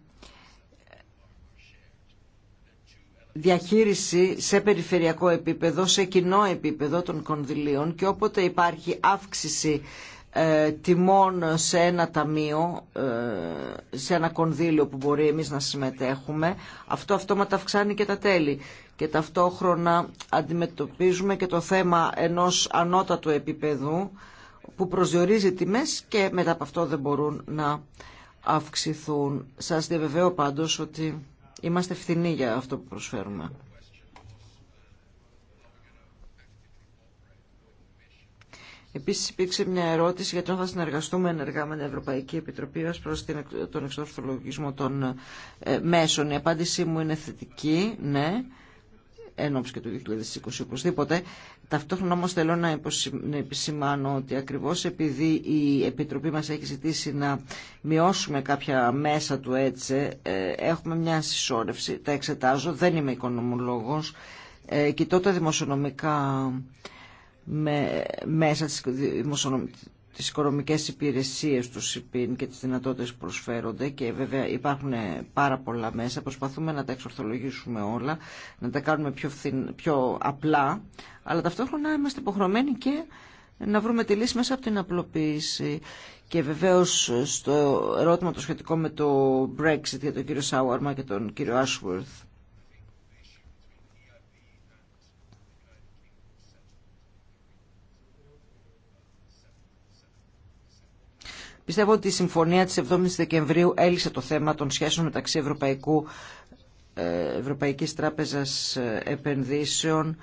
διαχείριση σε περιφερειακό επίπεδο, σε κοινό επίπεδο των κονδυλίων και όποτε υπάρχει αύξηση ε, τιμών σε ένα ταμείο, ε, σε ένα κονδύλιο που μπορεί εμείς να συμμετέχουμε, αυτό αυτόματα αυξάνει και τα τέλη. Και ταυτόχρονα αντιμετωπίζουμε και το θέμα ενός ανώτατου επίπεδου που προσδιορίζει τιμές και μετά από αυτό δεν μπορούν να αυξηθούν. Σας διαβεβαίω πάντως ότι είμαστε φθηνοί για αυτό που προσφέρουμε. Επίση, υπήρξε μια ερώτηση για το αν θα συνεργαστούμε ενεργά με την Ευρωπαϊκή Επιτροπή ω προ τον εξορθολογισμό των ε, μέσων. Η απάντησή μου είναι θετική, ναι ώψη και του 2020 οπωσδήποτε. Ταυτόχρονα όμω θέλω να, επισημάνω ότι ακριβώ επειδή η Επιτροπή μα έχει ζητήσει να μειώσουμε κάποια μέσα του έτσι, ε, έχουμε μια συσσόρευση, τα εξετάζω, δεν είμαι οικονομολόγος, ε, κοιτώ τα δημοσιονομικά με μέσα της, τις οικονομικές υπηρεσίες του ΣΥΠΗΝ και τις δυνατότητες που προσφέρονται και βέβαια υπάρχουν πάρα πολλά μέσα. Προσπαθούμε να τα εξορθολογήσουμε όλα, να τα κάνουμε πιο, πιο απλά, αλλά ταυτόχρονα είμαστε υποχρεωμένοι και να βρούμε τη λύση μέσα από την απλοποίηση. Και βεβαίως στο ερώτημα το σχετικό με το Brexit για τον κύριο Σάουαρμα και τον κύριο Ashworth Πιστεύω ότι η συμφωνία της 7ης Δεκεμβρίου έλυσε το θέμα των σχέσεων μεταξύ Ευρωπαϊκού, ε, Ευρωπαϊκής Τράπεζας ε, Επενδύσεων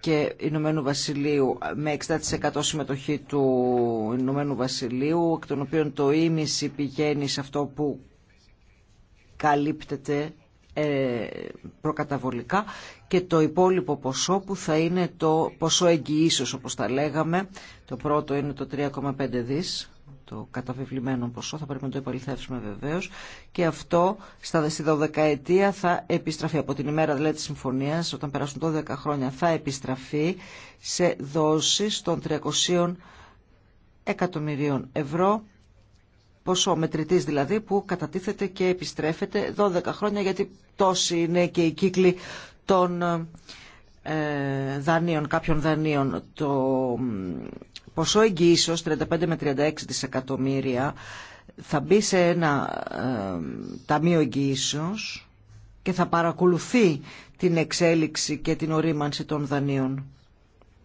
και Ηνωμένου Βασιλείου με 60% συμμετοχή του Ηνωμένου Βασιλείου εκ των οποίων το ίμιση πηγαίνει σε αυτό που καλύπτεται ε, προκαταβολικά και το υπόλοιπο ποσό που θα είναι το ποσό εγγυήσεως όπως τα λέγαμε το πρώτο είναι το 3,5 δις το καταβεβλημένο ποσό, θα πρέπει να το επαληθεύσουμε βεβαίω. Και αυτό στα δεκαετία θα επιστραφεί. Από την ημέρα δηλαδή τη συμφωνία, όταν περάσουν 12 χρόνια, θα επιστραφεί σε δόσει των 300 εκατομμυρίων ευρώ ποσό μετρητή δηλαδή που κατατίθεται και επιστρέφεται 12 χρόνια γιατί τόση είναι και η κύκλη των ε, δανείων, κάποιων δανείων. Το ποσό εγγύησεως 35 με 36 δισεκατομμύρια θα μπει σε ένα ε, ταμείο εγγύησεως και θα παρακολουθεί την εξέλιξη και την ορίμανση των δανείων.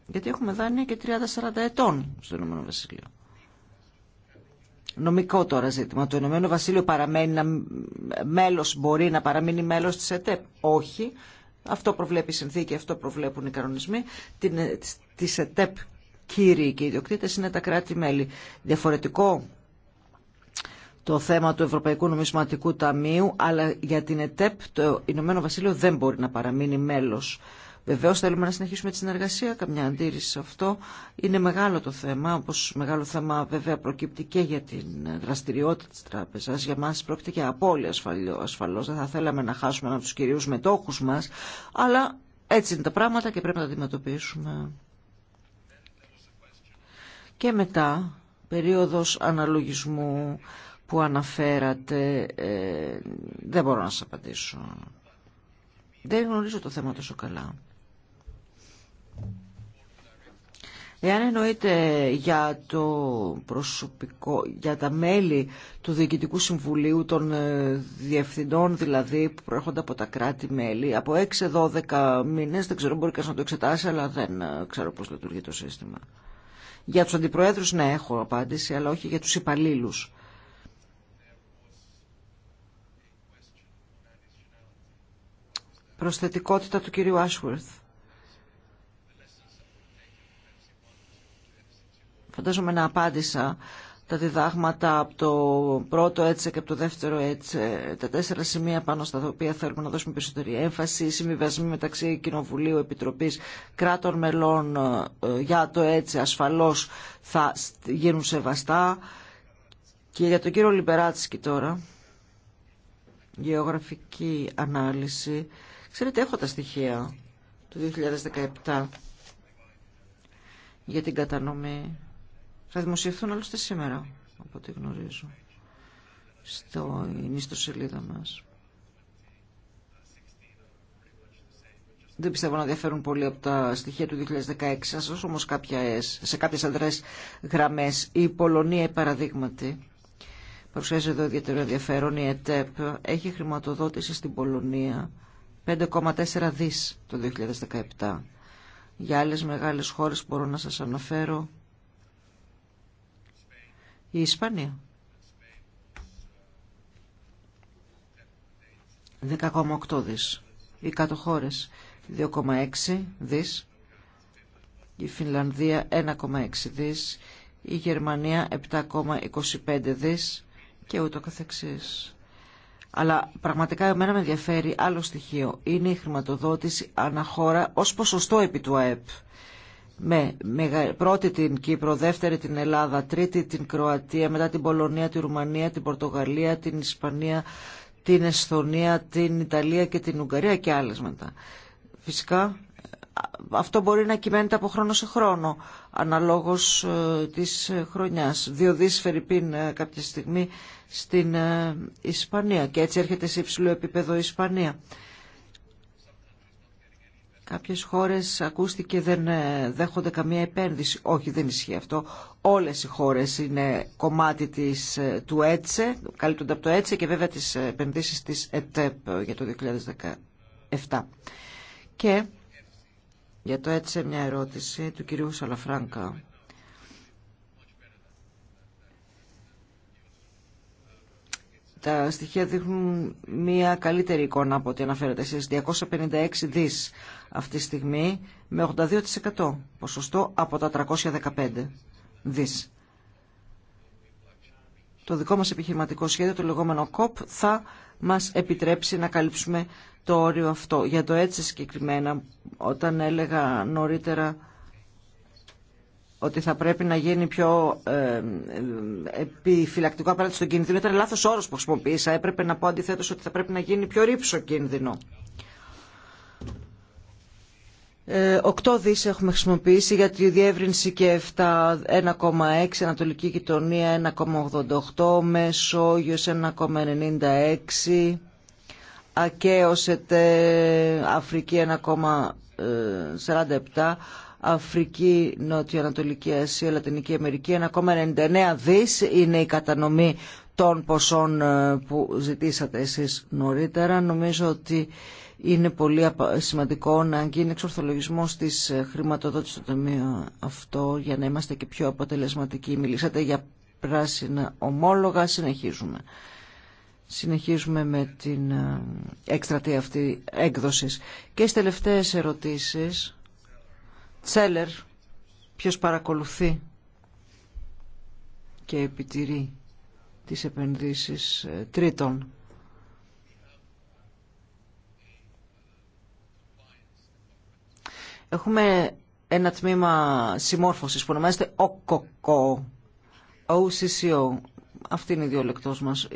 Γιατί έχουμε δάνεια και 30-40 ετών στο Ηνωμένο Βασίλειο. Νομικό τώρα ζήτημα. Το Ηνωμένο Βασίλειο παραμένει να μέλος, μπορεί να παραμείνει μέλος της ΕΤΕΠ. Όχι. Αυτό προβλέπει η συνθήκη, αυτό προβλέπουν οι κανονισμοί. Την, ε, της ΕΤΕΠ κύριοι και οι ιδιοκτήτες είναι τα κράτη-μέλη. Διαφορετικό το θέμα του Ευρωπαϊκού Νομισματικού Ταμείου, αλλά για την ΕΤΕΠ το Ηνωμένο Βασίλειο δεν μπορεί να παραμείνει μέλος. Βεβαίω θέλουμε να συνεχίσουμε τη συνεργασία, καμιά αντίρρηση σε αυτό. Είναι μεγάλο το θέμα, όπω μεγάλο θέμα βέβαια προκύπτει και για την δραστηριότητα τη τράπεζα. Για μα πρόκειται και απόλυτα ασφαλώ. Δεν θα θέλαμε να χάσουμε έναν από του κυρίου μετόχου μα, αλλά έτσι είναι τα πράγματα και πρέπει να τα αντιμετωπίσουμε. Και μετά, περίοδος αναλογισμού που αναφέρατε, ε, δεν μπορώ να σας απαντήσω. Δεν γνωρίζω το θέμα τόσο καλά. Εάν εννοείται για το προσωπικό, για τα μέλη του Διοικητικού Συμβουλίου, των ε, διευθυντών δηλαδή που προέρχονται από τα κράτη-μέλη, από 6-12 μήνες, δεν ξέρω, μπορεί κανείς να το εξετάσει, αλλά δεν ε, ξέρω πώς λειτουργεί το σύστημα. Για τους αντιπροέδρους ναι έχω απάντηση, αλλά όχι για τους υπαλλήλου. Προσθετικότητα του κυρίου Ashworth. Φαντάζομαι να απάντησα τα διδάγματα από το πρώτο έτσι και από το δεύτερο έτσι, τα τέσσερα σημεία πάνω στα οποία θέλουμε να δώσουμε περισσότερη έμφαση, οι συμβιβασμοί μεταξύ Κοινοβουλίου, Επιτροπής, κράτων μελών ε, για το έτσι ασφαλώς θα γίνουν σεβαστά. Και για τον κύριο Λιμπεράτσκι τώρα, γεωγραφική ανάλυση. Ξέρετε, έχω τα στοιχεία του 2017 για την κατανομή θα δημοσιευθούν άλλωστε σήμερα, από ό,τι γνωρίζω, στο ιστοσελίδα μας. Δεν πιστεύω να διαφέρουν πολύ από τα στοιχεία του 2016. Σας δώσω όμως κάποιες, σε κάποιες αντρές γραμμές. Η Πολωνία, παραδείγματι, παρουσιάζει εδώ ιδιαίτερο ενδιαφέρον, η ΕΤΕΠ έχει χρηματοδότηση στην Πολωνία 5,4 δις το 2017. Για άλλες μεγάλες χώρες μπορώ να σας αναφέρω η Ισπανία. 10,8 δις. Οι κάτω 2,6 δις. Η Φινλανδία 1,6 δις. Η Γερμανία 7,25 δις και ούτω καθεξής. Αλλά πραγματικά εμένα με ενδιαφέρει άλλο στοιχείο. Είναι η χρηματοδότηση αναχώρα ως ποσοστό επί του ΑΕΠ με πρώτη την Κύπρο, δεύτερη την Ελλάδα, τρίτη την Κροατία, μετά την Πολωνία, την Ρουμανία, την Πορτογαλία, την Ισπανία, την Εσθονία, την Ιταλία και την Ουγγαρία και άλλες μετά. Φυσικά αυτό μπορεί να κυμαίνεται από χρόνο σε χρόνο, αναλόγως ε, της χρονιάς. Δύο δίσφαιροι πίν ε, κάποια στιγμή στην ε, Ισπανία και έτσι έρχεται σε υψηλό επίπεδο η Ισπανία. Κάποιες χώρες ακούστηκε δεν ε, δέχονται καμία επένδυση. Όχι, δεν ισχύει αυτό. Όλες οι χώρες είναι κομμάτι της, ε, του ΕΤΣΕ, καλύπτονται από το ΕΤΣΕ και βέβαια τις ε, επενδύσεις της ΕΤΕΠ για το 2017. Και για το ΕΤΣΕ μια ερώτηση του κυρίου Σαλαφράγκα. τα στοιχεία δείχνουν μια καλύτερη εικόνα από ό,τι αναφέρετε εσείς. 256 δις αυτή τη στιγμή με 82% ποσοστό από τα 315 δις. Το δικό μας επιχειρηματικό σχέδιο, το λεγόμενο COP, θα μας επιτρέψει να καλύψουμε το όριο αυτό. Για το έτσι συγκεκριμένα, όταν έλεγα νωρίτερα ότι θα πρέπει να γίνει πιο ε, ε επιφυλακτικό απέναντι στον κίνδυνο. Ήταν λάθο όρο που χρησιμοποίησα. Έπρεπε να πω αντιθέτω ότι θα πρέπει να γίνει πιο ρήψο κίνδυνο. Ε, έχουμε χρησιμοποιήσει για τη διεύρυνση και 7, 1,6, Ανατολική Γειτονία 1,88, Μεσόγειος 1,96, Ακαίος Αφρική 1,47, αφρικη Νότια Νότιο-Ανατολική Ασία, Λατινική Αμερική. 1,99 δις είναι η κατανομή των ποσών ε, που ζητήσατε εσείς νωρίτερα. Νομίζω ότι είναι πολύ σημαντικό να γίνει εξορθολογισμός της ε, χρηματοδότηση του τομείου αυτό για να είμαστε και πιο αποτελεσματικοί. Μιλήσατε για πράσινα ομόλογα. Συνεχίζουμε. Συνεχίζουμε με την έκστρατη ε, αυτή έκδοσης. Και στις τελευταίες ερωτήσεις... Τσέλερ, ποιος παρακολουθεί και επιτηρεί τις επενδύσεις ε, τρίτων. Έχουμε ένα τμήμα συμμόρφωσης που ονομάζεται ΟΚΟΚΟ, OCCO, αυτή είναι η διολεκτός μας,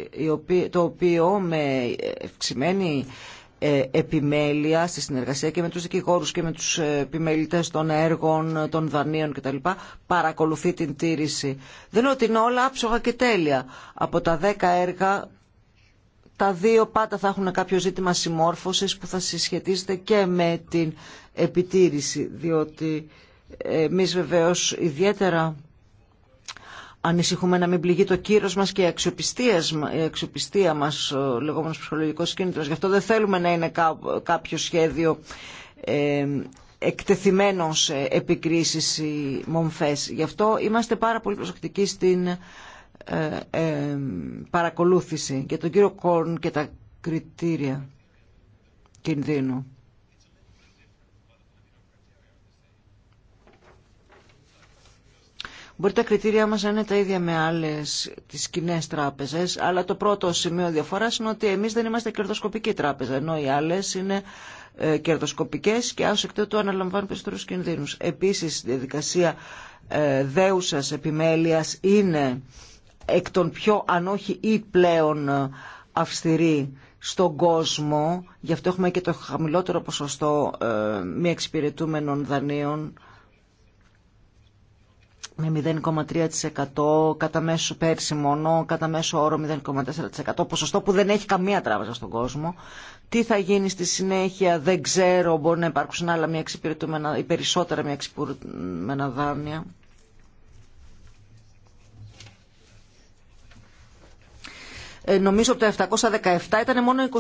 το οποίο με ευξημένη ε, επιμέλεια στη συνεργασία και με τους δικηγόρους και με τους ε, επιμελητές των έργων, των δανείων κτλ. παρακολουθεί την τήρηση. Δεν είναι ότι είναι όλα άψογα και τέλεια. Από τα δέκα έργα τα δύο πάντα θα έχουν κάποιο ζήτημα συμμόρφωσης που θα συσχετίζεται και με την επιτήρηση διότι εμείς βεβαίως ιδιαίτερα Ανησυχούμε να μην πληγεί το κύρος μας και η αξιοπιστία, η μας, ο λεγόμενος ψυχολογικός κίνητρος. Γι' αυτό δεν θέλουμε να είναι κάποιο σχέδιο ε, εκτεθειμένο σε επικρίσεις ή μομφές. Γι' αυτό είμαστε πάρα πολύ προσεκτικοί στην ε, ε παρακολούθηση για τον κύριο Κόρν και τα κριτήρια κινδύνου. Μπορεί τα κριτήρια μας να είναι τα ίδια με άλλες τις κοινέ τράπεζες, αλλά το πρώτο σημείο διαφοράς είναι ότι εμείς δεν είμαστε κερδοσκοπική τράπεζα, ενώ οι άλλες είναι ε, κερδοσκοπικές και άσως εκ του αναλαμβάνουν περισσότερους κινδύνους. Επίσης, η διαδικασία ε, δέουσας επιμέλειας είναι εκ των πιο, αν όχι ή πλέον αυστηρή στον κόσμο, γι' αυτό έχουμε και το χαμηλότερο ποσοστό ε, μη εξυπηρετούμενων δανείων με 0,3% κατά μέσο πέρσι μόνο, κατά μέσο όρο 0,4%, ποσοστό που δεν έχει καμία τράπεζα στον κόσμο. Τι θα γίνει στη συνέχεια δεν ξέρω, μπορεί να υπάρξουν άλλα μια εξυπηρετούμενα ή περισσότερα μια εξυπηρετούμενα δάνεια. Ε, νομίζω ότι το 717 ήταν μόνο 26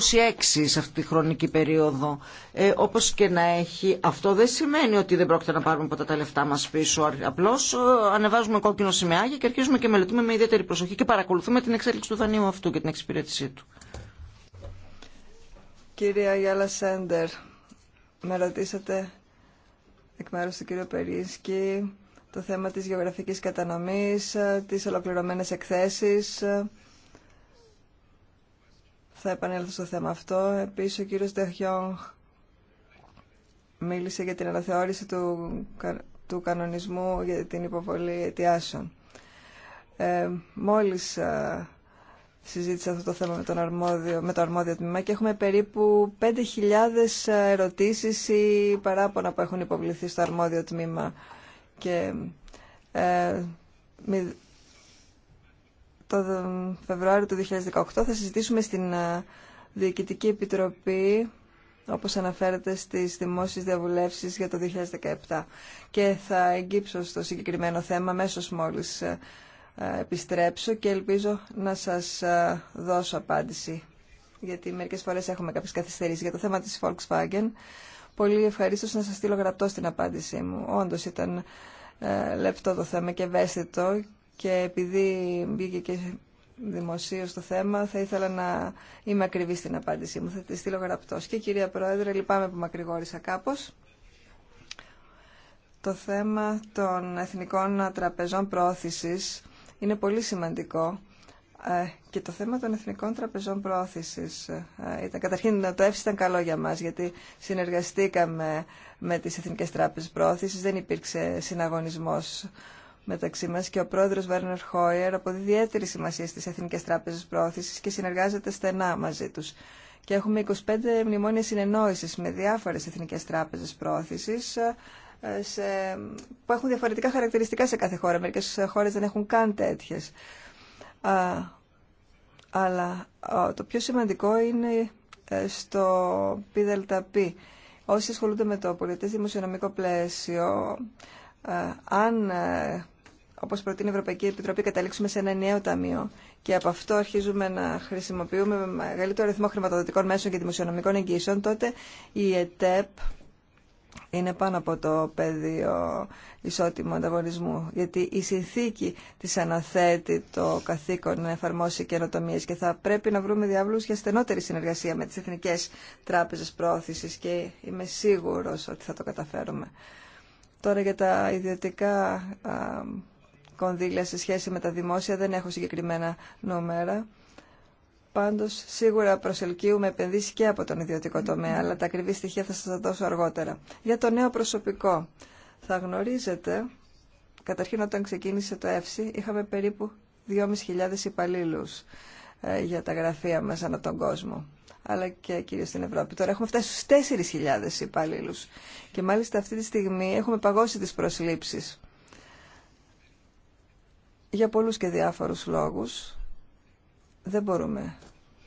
σε αυτή τη χρονική περίοδο. Ε, όπως και να έχει, αυτό δεν σημαίνει ότι δεν πρόκειται να πάρουμε ποτέ τα λεφτά μας πίσω. Απλώς ε, ανεβάζουμε κόκκινο σημαία και αρχίζουμε και μελετούμε με ιδιαίτερη προσοχή και παρακολουθούμε την εξέλιξη του δανείου αυτού και την εξυπηρέτησή του. Κυρία Αγιάλα Σέντερ, με ρωτήσατε εκ μέρους του κύριου Περίσκη το θέμα της γεωγραφικής κατανομής, ε, τις ολοκληρωμένες εκθέσεις θα επανέλθω στο θέμα αυτό. Επίσης, ο κύριος Ντεχιόγκ μίλησε για την αναθεώρηση του, του κανονισμού για την υποβολή αιτιάσεων. Ε, μόλις ε, συζήτησα αυτό το θέμα με, τον αρμόδιο, με το αρμόδιο τμήμα και έχουμε περίπου 5.000 ερωτήσεις ή παράπονα που έχουν υποβληθεί στο αρμόδιο τμήμα και ε, το Φεβρουάριο του 2018 θα συζητήσουμε στην ε, Διοικητική Επιτροπή όπως αναφέρεται στις δημόσιες διαβουλεύσεις για το 2017. Και θα εγκύψω στο συγκεκριμένο θέμα μέσω μόλις ε, ε, επιστρέψω και ελπίζω να σας δώσω απάντηση. Γιατί μερικές φορές έχουμε κάποιες καθυστερήσεις για το θέμα της Volkswagen. Πολύ ευχαρίστως να σας στείλω γραπτό στην απάντησή μου. Όντως ήταν λεπτό το θέμα και ευαίσθητο και επειδή μπήκε και δημοσίως το θέμα, θα ήθελα να είμαι ακριβή στην απάντησή μου. Θα τη στείλω γραπτός. Και κυρία Πρόεδρε, λυπάμαι που μακρηγόρησα κάπως. Το θέμα των εθνικών τραπεζών πρόθεσης είναι πολύ σημαντικό ε, και το θέμα των εθνικών τραπεζών πρόθεσης ε, ήταν καταρχήν το ΕΦΣ ήταν καλό για μας γιατί συνεργαστήκαμε με τις εθνικές τράπεζες πρόθεσης δεν υπήρξε συναγωνισμός μεταξύ μας και ο πρόεδρος Βέρνερ Χόιερ από ιδιαίτερη σημασία στι εθνικέ τράπεζε πρόθεση και συνεργάζεται στενά μαζί τους. Και έχουμε 25 μνημόνια συνεννόησης με διάφορες Εθνικές τράπεζε πρόθεση, ε, που έχουν διαφορετικά χαρακτηριστικά σε κάθε χώρα. Μερικές χώρες δεν έχουν καν τέτοιες. αλλά το πιο σημαντικό είναι ε, στο ΠΔΠ. Όσοι ασχολούνται με το πολιτές δημοσιονομικό πλαίσιο, ε, αν όπως προτείνει η Ευρωπαϊκή Επιτροπή, καταλήξουμε σε ένα νέο ταμείο και από αυτό αρχίζουμε να χρησιμοποιούμε με μεγαλύτερο αριθμό χρηματοδοτικών μέσων και δημοσιονομικών εγγύσεων, τότε η ΕΤΕΠ είναι πάνω από το πεδίο ισότιμου ανταγωνισμού, γιατί η συνθήκη της αναθέτει το καθήκον να εφαρμόσει καινοτομίε και θα πρέπει να βρούμε διάβλους για στενότερη συνεργασία με τις Εθνικές Τράπεζες Πρόθεσης και είμαι σίγουρος ότι θα το καταφέρουμε. Τώρα για τα ιδιωτικά κονδύλια σε σχέση με τα δημόσια, δεν έχω συγκεκριμένα νούμερα. Πάντω σίγουρα προσελκύουμε επενδύσει και από τον ιδιωτικό τομέα, αλλά τα ακριβή στοιχεία θα σα τα δώσω αργότερα. Για το νέο προσωπικό, θα γνωρίζετε, καταρχήν όταν ξεκίνησε το ΕΦΣΥ, είχαμε περίπου 2.500 υπαλλήλου ε, για τα γραφεία μα ανά τον κόσμο αλλά και κυρίω στην Ευρώπη. Τώρα έχουμε φτάσει στου 4.000 υπαλλήλου. και μάλιστα αυτή τη στιγμή έχουμε παγώσει τι προσλήψει για πολλούς και διάφορους λόγους δεν μπορούμε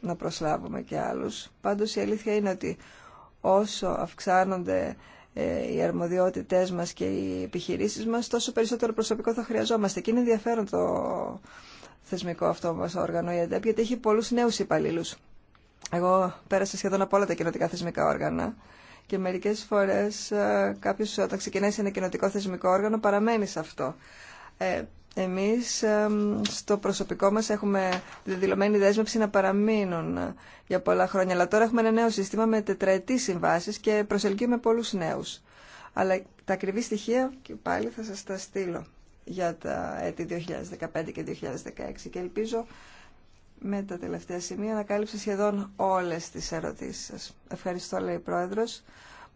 να προσλάβουμε και άλλους. Πάντως η αλήθεια είναι ότι όσο αυξάνονται ε, οι αρμοδιότητές μας και οι επιχειρήσεις μας, τόσο περισσότερο προσωπικό θα χρειαζόμαστε. Και είναι ενδιαφέρον το θεσμικό αυτό μας όργανο, η ΕΔΕΠ, γιατί έχει πολλούς νέους υπαλλήλους. Εγώ πέρασα σχεδόν από όλα τα κοινοτικά θεσμικά όργανα και μερικές φορές ε, κάποιος όταν ξεκινάει σε ένα κοινοτικό θεσμικό όργανο παραμένει σε αυτό. Ε, εμείς στο προσωπικό μας έχουμε δηλωμένη δέσμευση να παραμείνουν ε, για πολλά χρόνια. Αλλά τώρα έχουμε ένα νέο σύστημα με τετραετή συμβάσεις και προσελκύουμε πολλούς νέους. Αλλά τα ακριβή στοιχεία και πάλι θα σας τα στείλω για τα έτη 2015 και 2016 και ελπίζω με τα τελευταία σημεία να κάλυψα σχεδόν όλες τις ερωτήσεις σας. Ευχαριστώ, λέει η Πρόεδρος.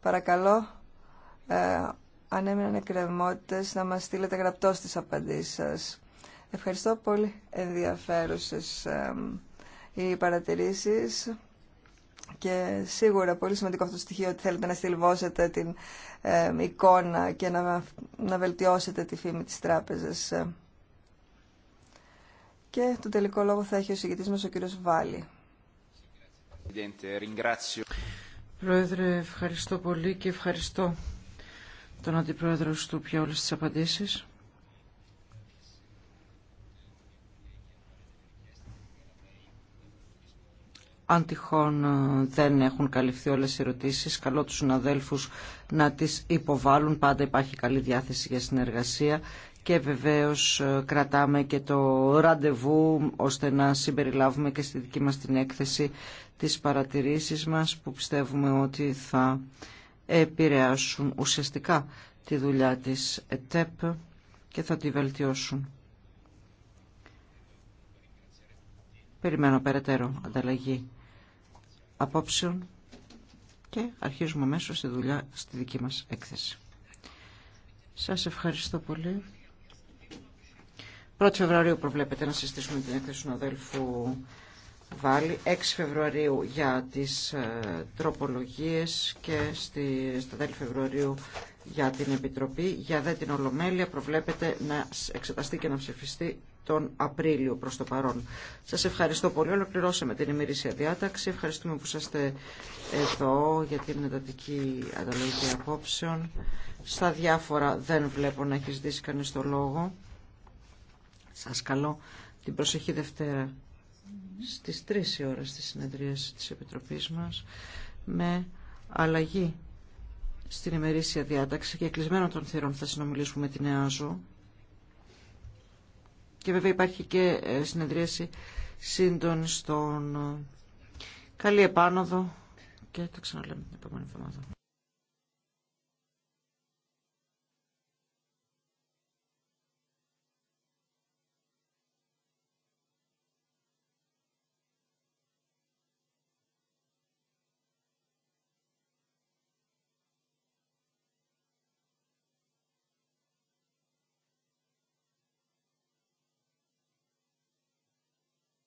Παρακαλώ ε, αν έμειναν εκκρεμότητες να μας στείλετε γραπτό στις απαντήσεις σας. Ευχαριστώ πολύ ενδιαφέρουσες οι παρατηρήσεις και σίγουρα πολύ σημαντικό αυτό το στοιχείο ότι θέλετε να στυλβώσετε την εικόνα και να, να βελτιώσετε τη φήμη της τράπεζας. Και το τελικό λόγο θα έχει ο συγκεκριτής μας ο κύριος Βάλλη. Πρόεδρε, ευχαριστώ πολύ και ευχαριστώ τον Αντιπρόεδρο του πια όλες τις απαντήσεις. Αν τυχόν ε, δεν έχουν καλυφθεί όλες οι ερωτήσεις, καλό τους συναδέλφους να τις υποβάλουν. Πάντα υπάρχει καλή διάθεση για συνεργασία και βεβαίως ε, κρατάμε και το ραντεβού ώστε να συμπεριλάβουμε και στη δική μας την έκθεση τις παρατηρήσεις μας που πιστεύουμε ότι θα επηρεάσουν ουσιαστικά τη δουλειά της ΕΤΕΠ και θα τη βελτιώσουν. Περιμένω περαιτέρω ανταλλαγή απόψεων και αρχίζουμε αμέσως στη δουλειά στη δική μας έκθεση. Σας ευχαριστώ πολύ. 1η Φεβρουαρίου προβλέπεται να συστήσουμε την έκθεση του αδέλφου βάλει 6 Φεβρουαρίου για τις ε, τροπολογίες και στη, στα τέλη Φεβρουαρίου για την Επιτροπή. Για δε την Ολομέλεια προβλέπεται να εξεταστεί και να ψηφιστεί τον Απρίλιο προς το παρόν. Σας ευχαριστώ πολύ. Ολοκληρώσαμε την ημερήσια διάταξη. Ευχαριστούμε που είσαστε εδώ για την εντατική ανταλλαγή απόψεων. Στα διάφορα δεν βλέπω να έχει δίσει κανείς το λόγο. Σας καλώ την προσεχή Δευτέρα στις 3 η ώρα στη συνεδρίαση της Επιτροπής μας με αλλαγή στην ημερήσια διάταξη και κλεισμένο των θηρών θα συνομιλήσουμε την ΕΑΖΟ και βέβαια υπάρχει και ε, συνεδρίαση σύντον στον ε, Καλή επάνωδο και το ξαναλέμε την επόμενη εβδομάδα.